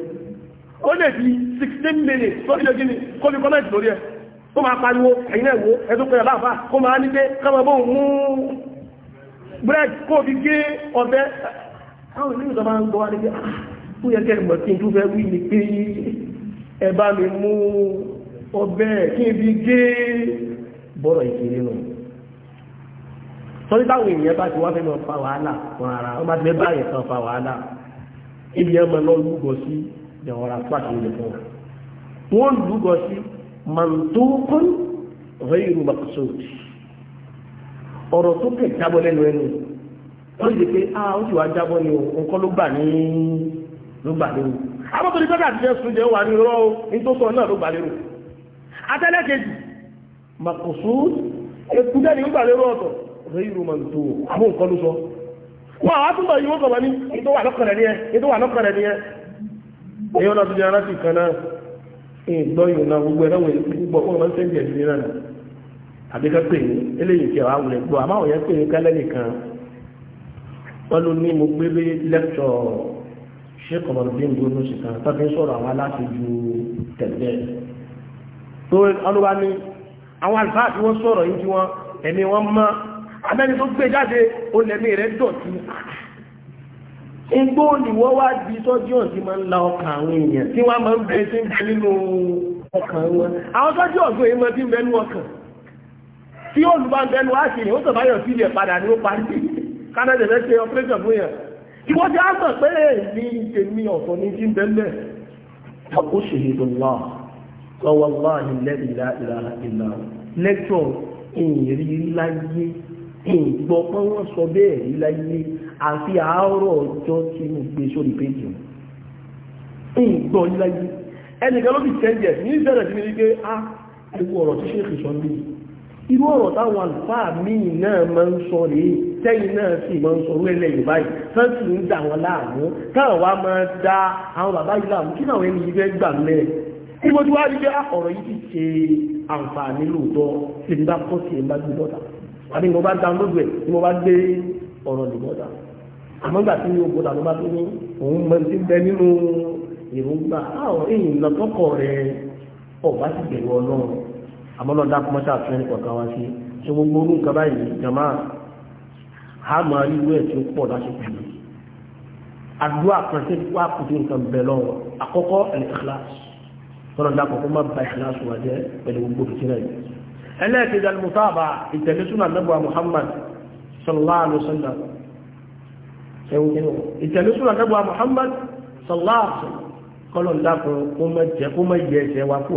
S2: ó lè fi sixteen minutes lórí ẹ̀ gíní kó fi kọ́mẹ́ǹtì lórí ẹ̀ ó máa pariwo ẹ̀yin ẹ̀wò ẹ̀dùnkọ̀ yàrá àfà kó máa ní pé ká máa bóun mú búrẹ́dì fi gé ọ̀bẹ àwọn ilé ìjọba ń gbọ́ wá ní pé ah, ó yẹ kẹ́rin mọ̀ kí n tún fẹ́ wí ni pé ẹ bá mi mú ọbẹ̀ kí n fi gé bọ́rọ̀ ìkéré nù sọ́dí táwọn èèyàn bá ti wá fẹ́ mọ̀ fa wàhálà fún ara wọ́n bá ti fẹ́ báyìí kan fa wàhálà ibi ẹ̀ mọ̀ lọ́ọ́ lúgọ sí ìjọra pàtàkì fún wa wọ́n lúgọ sí màntúkún rẹ́yìn rúbà sóòtì ọ̀rọ̀ tó kẹ̀ jábọ́ lẹ́nu ẹnu ó sì pé ah ó sì wá jábọ́ ni nǹkan ló gbà ní ló gbà lérò jẹ́ wà ní rọ́ o ní tó sọ náà ló gbà lérò atẹ́lẹ́kejì màkòsú ni ó gbà lérò ọ̀tọ̀ rẹ́yìn àwọn nǹkan ló sọ wọn àwọn àtúntò yìí wọ́n sọ̀rọ̀ ní ètò wà ni ẹ ètò wà ni ẹ èyí kan náà ìgbọ́ ìrìnà gbogbo ẹ̀rọ wọ̀nyí gbogbo ọkọ̀ máa ń náà pè ní eléyìí wulẹ̀ gbọ́ àmọ́ àwọn yẹn wọ́n ló ní mo gbé lẹ́kṣọ̀ ṣé kọ̀mọ̀lùdín gbóná ṣe kan tó fi ń sọ̀rọ̀ àwọn aláṣejù tẹ̀lé tó ọlọ́wà ní àwọn àlùfáà tí wọ́n sọ̀rọ̀ yìí tí wọ́n ẹ̀mí wọn mọ́ abẹ́ni tó gbé jáde ó lẹ́mí rẹ̀ dọ̀tí igbó ni wọ́n wá di sọ́jú ọ̀sìn máa ń la ọkàn àwọn èèyàn tí wọ́n máa ń bẹ sí ń bẹ nínú ọkàn wọn àwọn sọ́jú ọ̀gbìn yìí máa ti ń bẹ kánẹ́dẹ̀ fẹ́ ṣe ọpẹ́rẹ́sọ̀ fún yẹn ìwọ ti á sọ pé èmi tèmi ọ̀tọ̀ ní ti ń bẹ́lẹ̀ àkó ṣèlédò wà lọ́wọ́ wà ní lẹ́bi ìlà ìlà lẹ́tọ̀ ìrìn láyé ìgbọ́ pé wọ́n sọ bẹ́ẹ̀ rí láyé àfi àárọ̀ ọjọ́ tí mo gbé sórí péjì ìgbọ́ láyé ẹnìkan ló fi tẹ́jẹ̀ ní ìṣẹ̀lẹ̀ irú ọ̀rọ̀ táwọn àlùfáà míì náà máa ń sọ rèé tẹ́yìn náà sì máa ń sọ orí ẹlẹ́yìn báyìí tán sì ń dà wọn láàmú táwọn wá máa da àwọn bàbá yìí láàmú kí náà ẹni yìí fẹ́ gbà mẹ́ẹ̀. bí mo ti wá rí pé ah, ọ̀rọ̀ yìí ti ṣe àǹfààní lóòótọ́ tí n bá kọ́ sí ẹ̀ ń bá gbé bọ́ta àbí mo bá download ẹ̀ tí mo bá gbé ọ̀rọ̀ lè bọ́ta àmọ́ gbà tí mi bọ́ta ló bá tó ní òun mọ ti bẹ nínú èròǹgbà àwọn ah, èèyàn lọ́tọ́kọ̀ rẹ̀ ọ̀ àmọ́lọ́dá kọmọ́sá fún ẹni kọ̀ọ̀kan wá sí ṣe gbogbo orú nǹkan báyìí jama ha máa rí ìwé tí ó pọ̀ lásìkò yìí àdúrà kan sí wà kùtù nǹkan bẹ̀ lọ́wọ́ àkọ́kọ́ al-ikhlas tọ́lọ́dá kọ̀ọ̀kan má ba ikhlas wà jẹ́ pẹ̀lú gbogbo fìtínà yìí ẹlẹ́ẹ̀kejì al-mutaba ìtẹ̀lé súnà nẹ́bùà Muhammad sallallahu alaihi wasallam ìtẹ̀lé súnà nẹ́bùà Muhammad sallallahu alaihi wasallam wa kó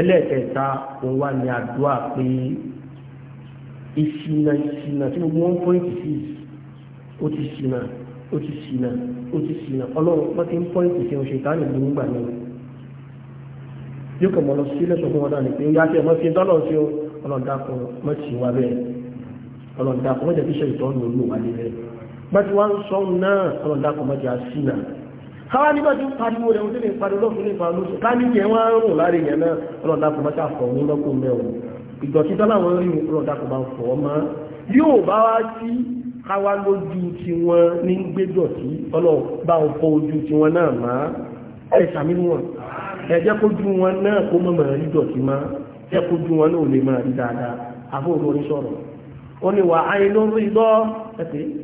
S2: ẹlẹ́ẹ̀kẹta òun wà ní àdúrà pé ìṣìnà ìṣìnà tí gbogbo wọn point sí ó ti ṣìnà ó ti ṣìnà ó ti ṣìnà ọlọ́run wọ́n ti ń point sí oṣù ìtàní ìlú nígbà náà yóò kàn mọ́ lọ sílẹ̀ sọ fún wọn náà yá sí ẹ̀ mọ́ sí dọ́lọ̀ sí ọ ọlọ́dàkùn mọ́ sí wa bẹ́ẹ̀ ọlọ́dàkùn mọ́ jẹ́ kí iṣẹ́ ìtọ́nù olùwà lé bẹ́ẹ̀ gbàtí wọ́n ń sọ náà ọlọ́dàkùn mọ́ jẹ́ àṣìnà káwá nígbà tí ń pariwo rẹ̀ ojú lè pariwo lọ́fún lè pariwo lóṣù káàní yẹn wọ́n ń rùn láre yẹn náà ọlọ́dà kò máa fọ̀ ọ́n lọ́kùn mẹ́wọ̀n ìdọ̀tí tọ́lá wọn rí ọlọ́dà kò máa fọ̀ ọ́ mọ́ yóò bá wá sí káwá lójú tí wọ́n ní ń gbé dọ̀tí ọlọ́ba ò fọ ojú tí wọ́n náà má ẹ̀ sàmì wọn ẹ jẹ́ kójú wọn náà kó mọ̀ mọ̀ rí dọ̀tí má ẹ kójú wọn náà ò lè máa rí dáadáa àfọwọ́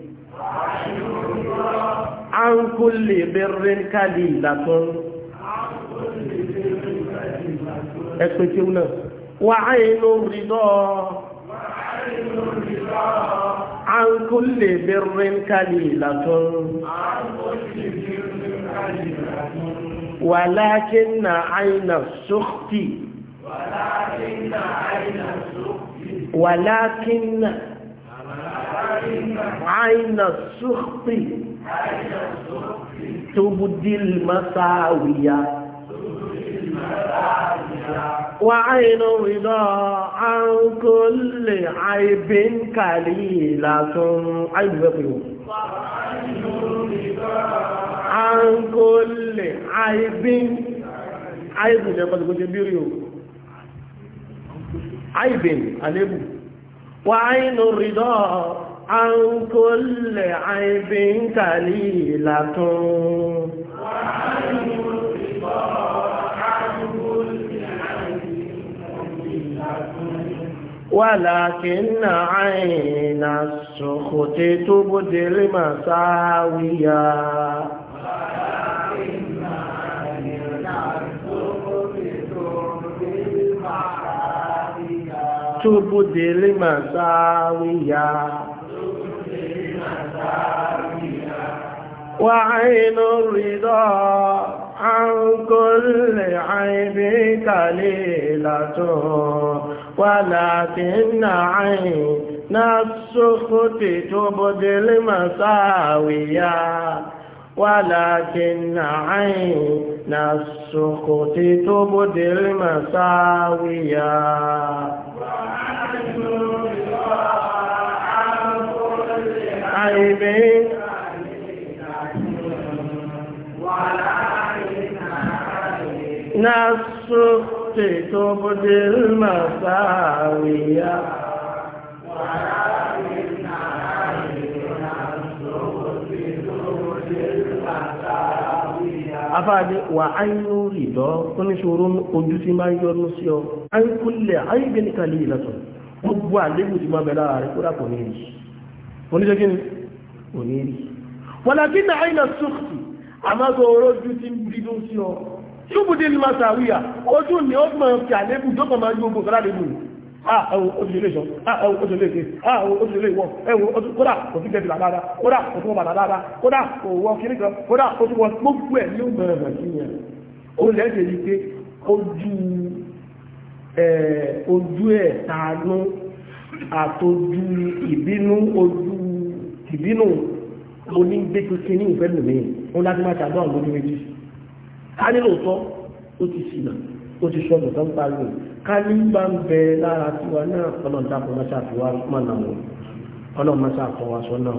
S2: an kulli birrin kalilatun ẹ̀pẹ̀ tí ó náà wà áyínú rídọ́ an kulli birrin kalilatun wàlákin na àìnà sọ́kì
S3: wàlákin
S2: na عين السخط تبدي المساوية وعين الرضا عن كل عيب كليلة عيب يقول عن كل عيب عيب يقول عيب عيب عليبه وعين الرضا عن كل عيب كليلة
S3: وعين
S2: ولكن عين السخط تبدي المساوية وتوب لما ساويا وعين الرضا عن كل عيب قليلة ولكن عين السخط تبدي المساوية ولكن عين السخط تبدي المساوية عيني نفس تبدي المساوية afáàdé wà á ń rí lọ tó ní ṣòro ojú tí máa ń yọnu sí ọ a ń kúlẹ̀ a ń gbé ní kàlí ìlàtọ̀ gbogbo àlébù tí máa bẹ̀ lára rẹ̀ kó ní ìlú oníṣẹ́ kí ni onírí wọ́lábí náà àìnà sọ́kì àmọ́gbọ́ oró ju ti bínú sí ọ ṣúbùdí ní máa sàwíyà ojú ni ó mọ̀ fi àlébù tó kàn máa ju ogun kọ́lá lébù àwọn òṣèlè ṣọ àwọn òṣèlè ṣe àwọn òṣèlè ìwọ ẹwọ kódà kò fi jẹbi làdára kódà kò tún bàtà dára kódà kò wọ kiri kan kódà ojú ẹ̀ ojú àtọ́jú ìbínú ojú ìbínú onígbé kékeré ní ìfẹ́ lòmí wọn láti máa ṣàdọ́ àwọn ojú méjì ká nílò tọ́ ó ti ṣìnà ó ti ṣọ́nà tó ń parí ká ní bá ń bẹ lára tiwa náà ọlọ́run dákun máa ṣàfiwá máa nà wọn ọlọ́run máa ṣàfọwá sọ náà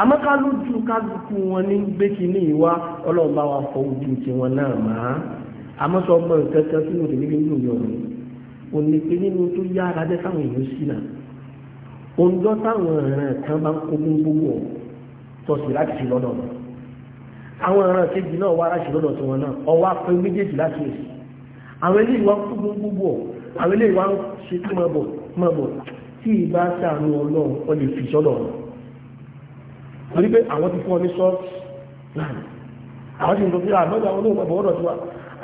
S2: àmọ́ ká lójú kálukú wọn ní gbé kíní ìwá ọlọ́run bá wa fọ ojú tiwọn náà máa àmọ́ sọ ọmọ nǹkan kan sínú ìdílé nínú ìyọ̀rùn òní pé nínú tó yára dé káwọn èèyàn sí oúnjọ táwọn ìran kan bá ń kó gbogbo ọ̀ tọ́sí láti fi lọ́dọ̀ lọ àwọn ìran kejì náà wá láti lọ́dọ̀ tí wọn náà ọwọ́ apẹ méjèèjì láti èsì àwọn eléyìí wá ń kó gbogbo ọ̀ àwọn eléyìí wá ń ṣe tí máa bọ̀ máa bọ̀ tí ìbá sàánú ọlọ́run ọ lè fi sọ́dọ̀ lọ torí pé àwọn ti fún ọ ní sọ́ọ̀tì láàrín àwọn ti ń lọ sí àgbọ́dọ̀ àwọn olóògbà bọ̀ ọ̀dọ̀ tí wa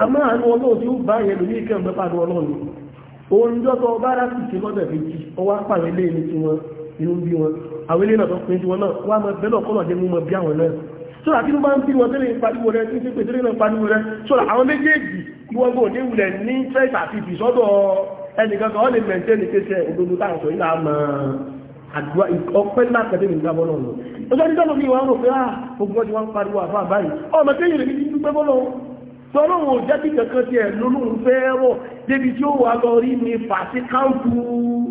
S2: a máa ń wọ́n lóòtí ó bá yẹ lórí ìkẹ́ ọ̀gbẹ́pàá ní ọlọ́run oúnjẹ tó bá rà sí ti lọ́dọ̀ fi jí ó wá pàwọn ilé ní tí wọn inú bí wọn àwọn ilé náà tó pín tí wọn náà wá mọ bẹ́lọ̀ kọ́lọ̀ jẹ́ mú mọ bí àwọn náà sọ́ra tí ló bí wọn tẹ́lẹ̀ pariwo rẹ tí ń pè tẹ́lẹ̀ náà pariwo rẹ àwọn méjèèjì ìwọ́gbò ní wulẹ̀ ní fẹ́ẹ̀tà àti ìfìsọ́dọ̀ ẹnìkankan ọ lè mẹ̀ntẹ́ ah, ní kéṣẹ́ òdodo sọ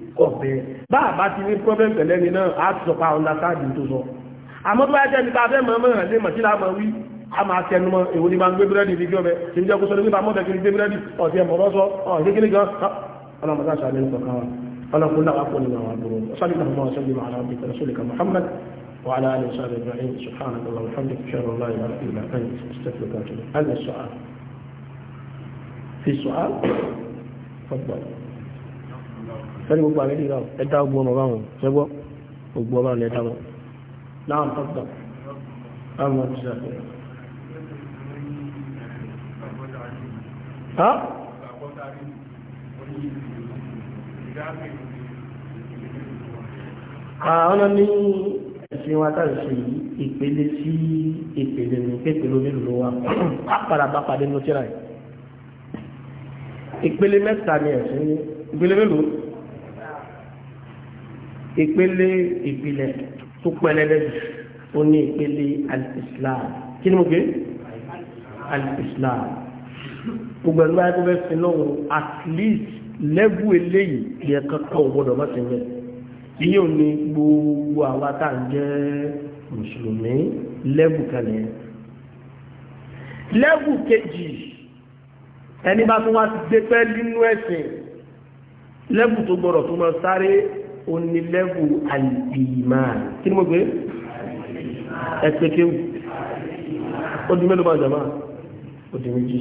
S2: pọ̀ bẹ́ẹ̀ bá a bá ti ní problem pẹ̀lẹ́ ni náà á sọ pa understand tó sọ àmọ́ tó bá jẹ́ nípa abẹ́ mọ́ mọ́ràn lé màtí láàmọ́ wí a máa tẹnu mọ́ èwo ni máa ń gbé búrẹ́dì ibi gbọ́mẹ́ tí ó jẹ́ kó sọ ní pípa mọ́bẹ̀ kiri gbé búrẹ́dì ọ̀sẹ̀ ẹ̀mọ̀rọ̀ sọ ọ̀sẹ̀ kiri gan ọlọ́mọdé aṣọ àlẹ́ nǹkan kan ọlọ́mọdé náà kọ́ nínú àwọn sẹ́ni gbogbo àwọn ìlú ẹ̀dá ogun ọmọ báwọn ṣẹ́gbọ́ gbogbo ọba ọ̀lẹ́dá wọn láwọn tọ́tọ̀ láwọn ọdún ṣàfihàn. ha? àwọn ní ẹ̀sìn wa tá ìṣe yìí ìpele sí ìpele ní pépèlú nílùú wa pàpàrà bá pàdé ní ó tíra ìpele mẹ́ta ni ẹ̀sìn ìpele mélòó ìpele ìpìlẹ̀ tó pẹlẹbẹ ó ní ìpele al-islam kí ni mo gbé al gbogbo ẹgbẹ́ ayé tó fẹ́ sin at least lẹ́bù eléyìí yẹ kankan ò gbọ́dọ̀ má sin bẹ́ẹ̀ iye ò ní gbogbo àwa tá à ń jẹ́ mùsùlùmí lẹ́bù kan nìyẹn kejì ẹni bá tún wá ti gbé pẹ́ nínú ẹ̀sìn lẹ́bù tó gbọ́dọ̀ tó máa sáré ó ní lẹ́bù al-iman kí ni mo gbé ẹ̀pẹ̀ kéwù ó di mélòó bá jàmá ó di méjì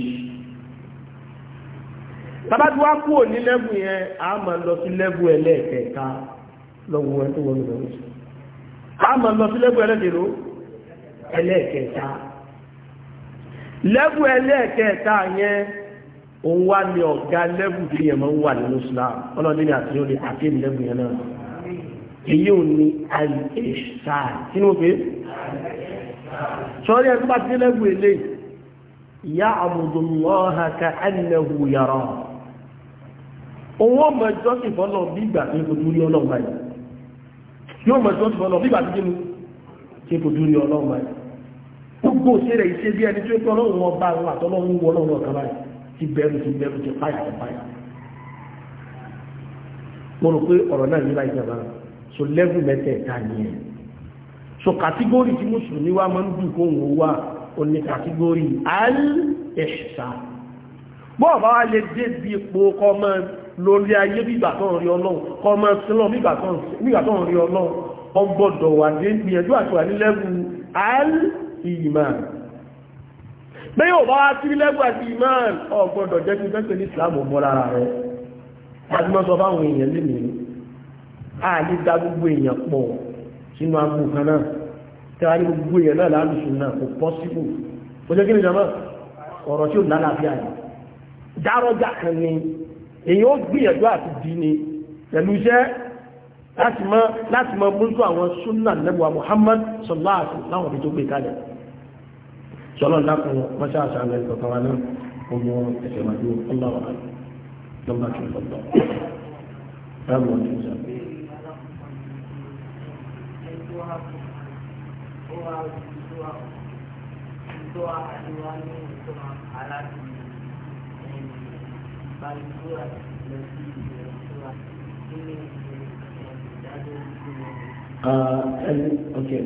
S2: bàbá tí wá kúrò ní lẹ́bù yẹn a máa lọ sí lẹ́bù ẹlẹ́ẹ̀kẹta lọ́wọ́ ẹ̀ tó wọ́n lọ́wọ́ a máa lọ sí lẹ́bù ẹlẹ́ẹ̀kẹta ẹlẹ́ẹ̀kẹta lẹ́bù ẹlẹ́ẹ̀kẹta yẹn òun wá ní ọ̀gá lẹ́bù tí yẹn máa ń wà nínú Islam ọlọ́dún ní àti òní àkéèdè lẹ́bù yẹn náà èyí ò ní àìsà sínú pé sọ́ọ́rí ti lẹ́bù èlé ìyá àbùdùn yàrá òun ó mọ fọlọ bí ìgbà tó ń fojú rí báyìí yóò mọ fọlọ bí ìgbà báyìí gbogbo òṣèré bí ẹni ti bẹ̀rù ti bẹ̀rù ti páyà ti páyà mo rò pé ọ̀rọ̀ náà yìí láì jẹba so lẹ́bù mẹ́tẹ̀ẹ̀ta nìyẹn so kàtígórì tí mùsùlùmí wa máa ń dùn kó òun wà ó ní kàtígórì al-ihsa bọ́ọ̀ bá wá lè dé bí ipò kọ́ máa lórí ayé bígbà tó ń rí ọlọ́run kọ́ máa sílọ̀ bígbà tó ń rí ọlọ́run ọgbọ́dọ̀ wà ní ìgbìyànjú àti wà ní lẹ́bù al-iman pé yóò bá wá tírí lẹ́gbà sí imán ọ̀gbọ́dọ̀ jẹ́ kí fẹ́ ní islam ò mọ́ lára rẹ̀ láti mọ́ sọ fáwọn èèyàn lèmi ààyè dá gbogbo èèyàn pọ̀ sínú agbó kan náà tí a ní gbogbo èèyàn náà láàrùsùn náà kò pọ́síbù ó jẹ́ kí ni jọmọ́ ọ̀rọ̀ tí ó lálàáfíà yìí dárọ́jà kan ni èyí ó gbìyànjú àti dì ní pẹ̀lú iṣẹ́ láti mọ́ mú àwọn súnà lẹ́gbàá Muhammad sallallahu alaihi wasallam tó gbé kalẹ̀ sọlọ lakun mọṣẹ
S1: aṣáájú ẹni kankan wa náà ọmọ ẹsẹ wájú ọlọ́rọ̀ nọ́mbà tó lọgbọ ẹmọ Uh, okay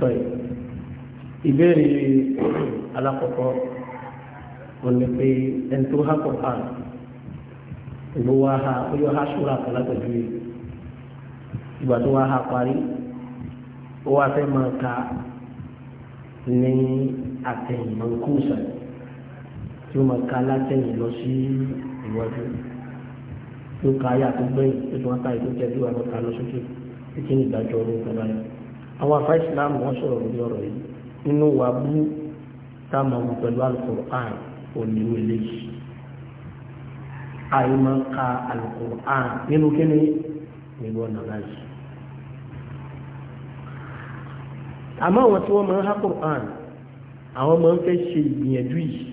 S1: tọ́yì
S2: ìbéèrè alákọ̀ọ́kọ́ wọn ni pé ẹni tó há kọ̀ọ̀kan
S1: ìlú wa ha ó yọ ha ṣúra kan lápẹ̀jú yìí ìgbà tó wa ha parí ó wá fẹ́ máa ka ní àtẹ̀yìn mọ́kúùsà tí ó máa ka látẹ̀yìn lọ sí ìwájú ló ka ayé àtúgbẹ́ ètò wọn táyé tó tẹ̀lé wà lọ́ka lọ sókè
S2: títí ní ìdájọ́ ọdún ìjọba yẹn. àwọn afá ìsìláàmù wọn sọ̀rọ̀ lórí ọ̀rọ̀ yìí nínú wa bú táwọn ọmọ pẹ̀lú alukur'an òníwò eléyìí. ayé máa ń ka alukur'an nínú kíni nínú ọ̀nà láyé. àmọ́ àwọn tí wọ́n máa ń ha kur'an àwọn máa ń fẹ́ ṣe ìgbìyànjú yìí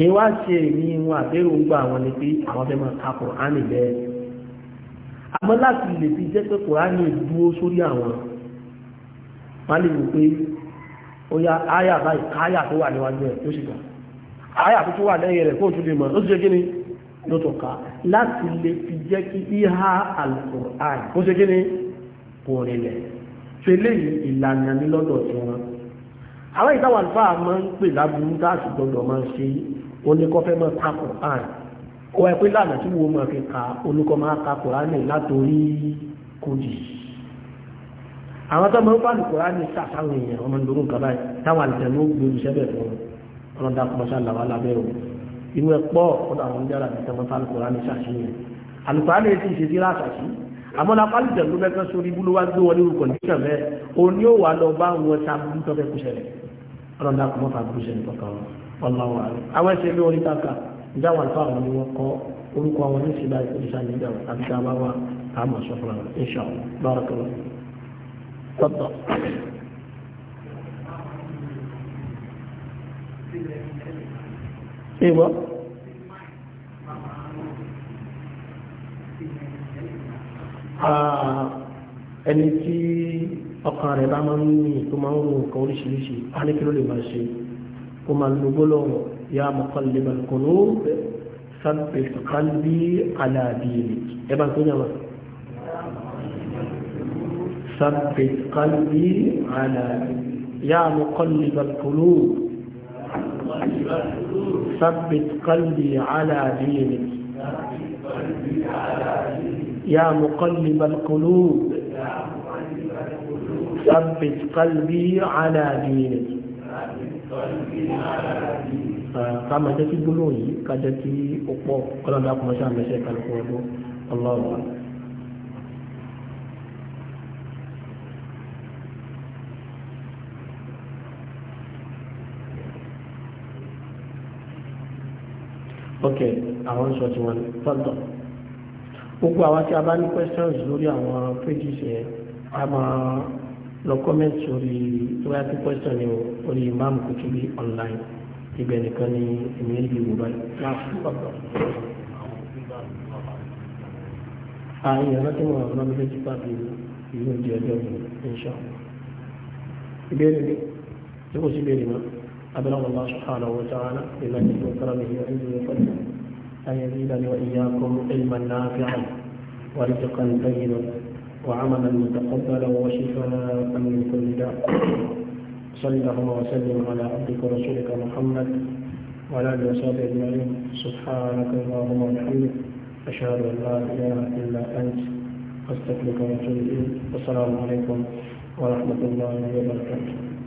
S2: kí wá ṣe ní wọn àbẹ́rù ń wọn ni pé àwọn fẹ́ máa ka kùránì bẹ́ẹ̀ àmọ́ láti lè fi jẹ́ pé kùránì dúró sórí àwọn wọn lè wò pé ó yá áyà báyìí káyà tó wà níwájú ẹ̀ tó sì gbà tó wà lẹ́yìn rẹ̀ lè mọ̀ ó sì jẹ́ kíni ló tọ̀ ká láti lè fi jẹ́ kí ìhà ó sì kíni kò rinlẹ̀ tó eléyìí ìlànà ní lọ́dọ̀ tí àwọn oníkọ́ fẹ́ máa ka Quran kọ́ ẹ pé lánàá tí wo máa fi ka oníkọ́ máa ka Quran látòrí kojì àwọn tó máa ń bá Quran sàtàwọn èèyàn ọmọ ìdókòwò kaba yìí táwọn àlùfẹ́ ló gbé olùṣẹ́ bẹ̀ fún ọ̀rọ̀ dàkúmọ́sá làwọn alábẹ́ o inú ẹ pọ̀ àwọn ìjára àti tẹmọ́ fún Quran sàṣeyàn àlùfẹ́ lè ti ṣe sí láṣàṣì àmọ́ la pálí tẹ̀lú mẹ́fẹ́ sórí búlú wá gbé wọlé orúkọ nígbà mẹ́ o ní ó wà lọ bá wọn ta búrú tọ́fẹ́ kúṣẹ̀lẹ̀ ọlọ́dà kọ́mọ́fà kúṣẹ̀lẹ̀ kọ̀ọ̀kan ọlọ́wọ́ àwọn ẹsẹ̀ ló orí kàkà ìdáwọn àlùfáà wọn ni wọ́n kọ́ orúkọ àwọn ní ìsìlá ìpèsè àníjà àti àbá wa àmọ̀ sọ́fúnra ìṣà bárakàlá tọ́tọ̀. Ìwọ́. Ẹni tí ọkàn rẹ̀ bá máa ń ní ìtò máa ń ro nǹkan oríṣiríṣi, a ní kí ló lè máa ṣe. كما نقول يا مقلب القلوب ثبت قلبي على دينك ايبان كنيا ثبت قلبي على يا مقلب القلوب ثبت قلبي على دينك يا مقلب القلوب ثبت قلبي على دينك ká máa jẹ́ kí gbólóhùn yìí ká jẹ́ kí
S1: ó pọ̀ kọ́lọ́dà kò máa ṣe àmẹ́ṣẹ́ ìkàlùkù ọdún ọlọ́run. ok àwọn sọ tí wọn fọ́tọ̀
S2: gbogbo àwọn tí a bá ní questions lórí àwọn
S1: pages yẹn a máa lọ comment sórí wíwá tí question ni orí imam kutubi online ibẹ̀ nìkan ni èmi ń yí wúrọ̀ náà fún ọ̀dọ̀. ààyè rántí wọn ọ̀rọ̀ mi lójú pàbí ìlú ìdí ọjọ́ mi insha Allah. ìbéèrè mi tí kò sí ìbéèrè náà abẹ́rẹ́ wọn bá subhanahu wa ta'ala ìlànà ìfowópamọ́ mi yóò ń dúró pẹ̀lú. أن يزيدني وإياكم علما نافعا ورزقا طيبا وعملا متقبلا وشفاء من كل داء صلى الله وسلم على عبدك ورسولك محمد وعلى اله وصحبه اجمعين سبحانك اللهم وبحمدك اشهد ان لا اله الا انت استغفرك
S3: واتوب اليك والسلام عليكم ورحمه الله وبركاته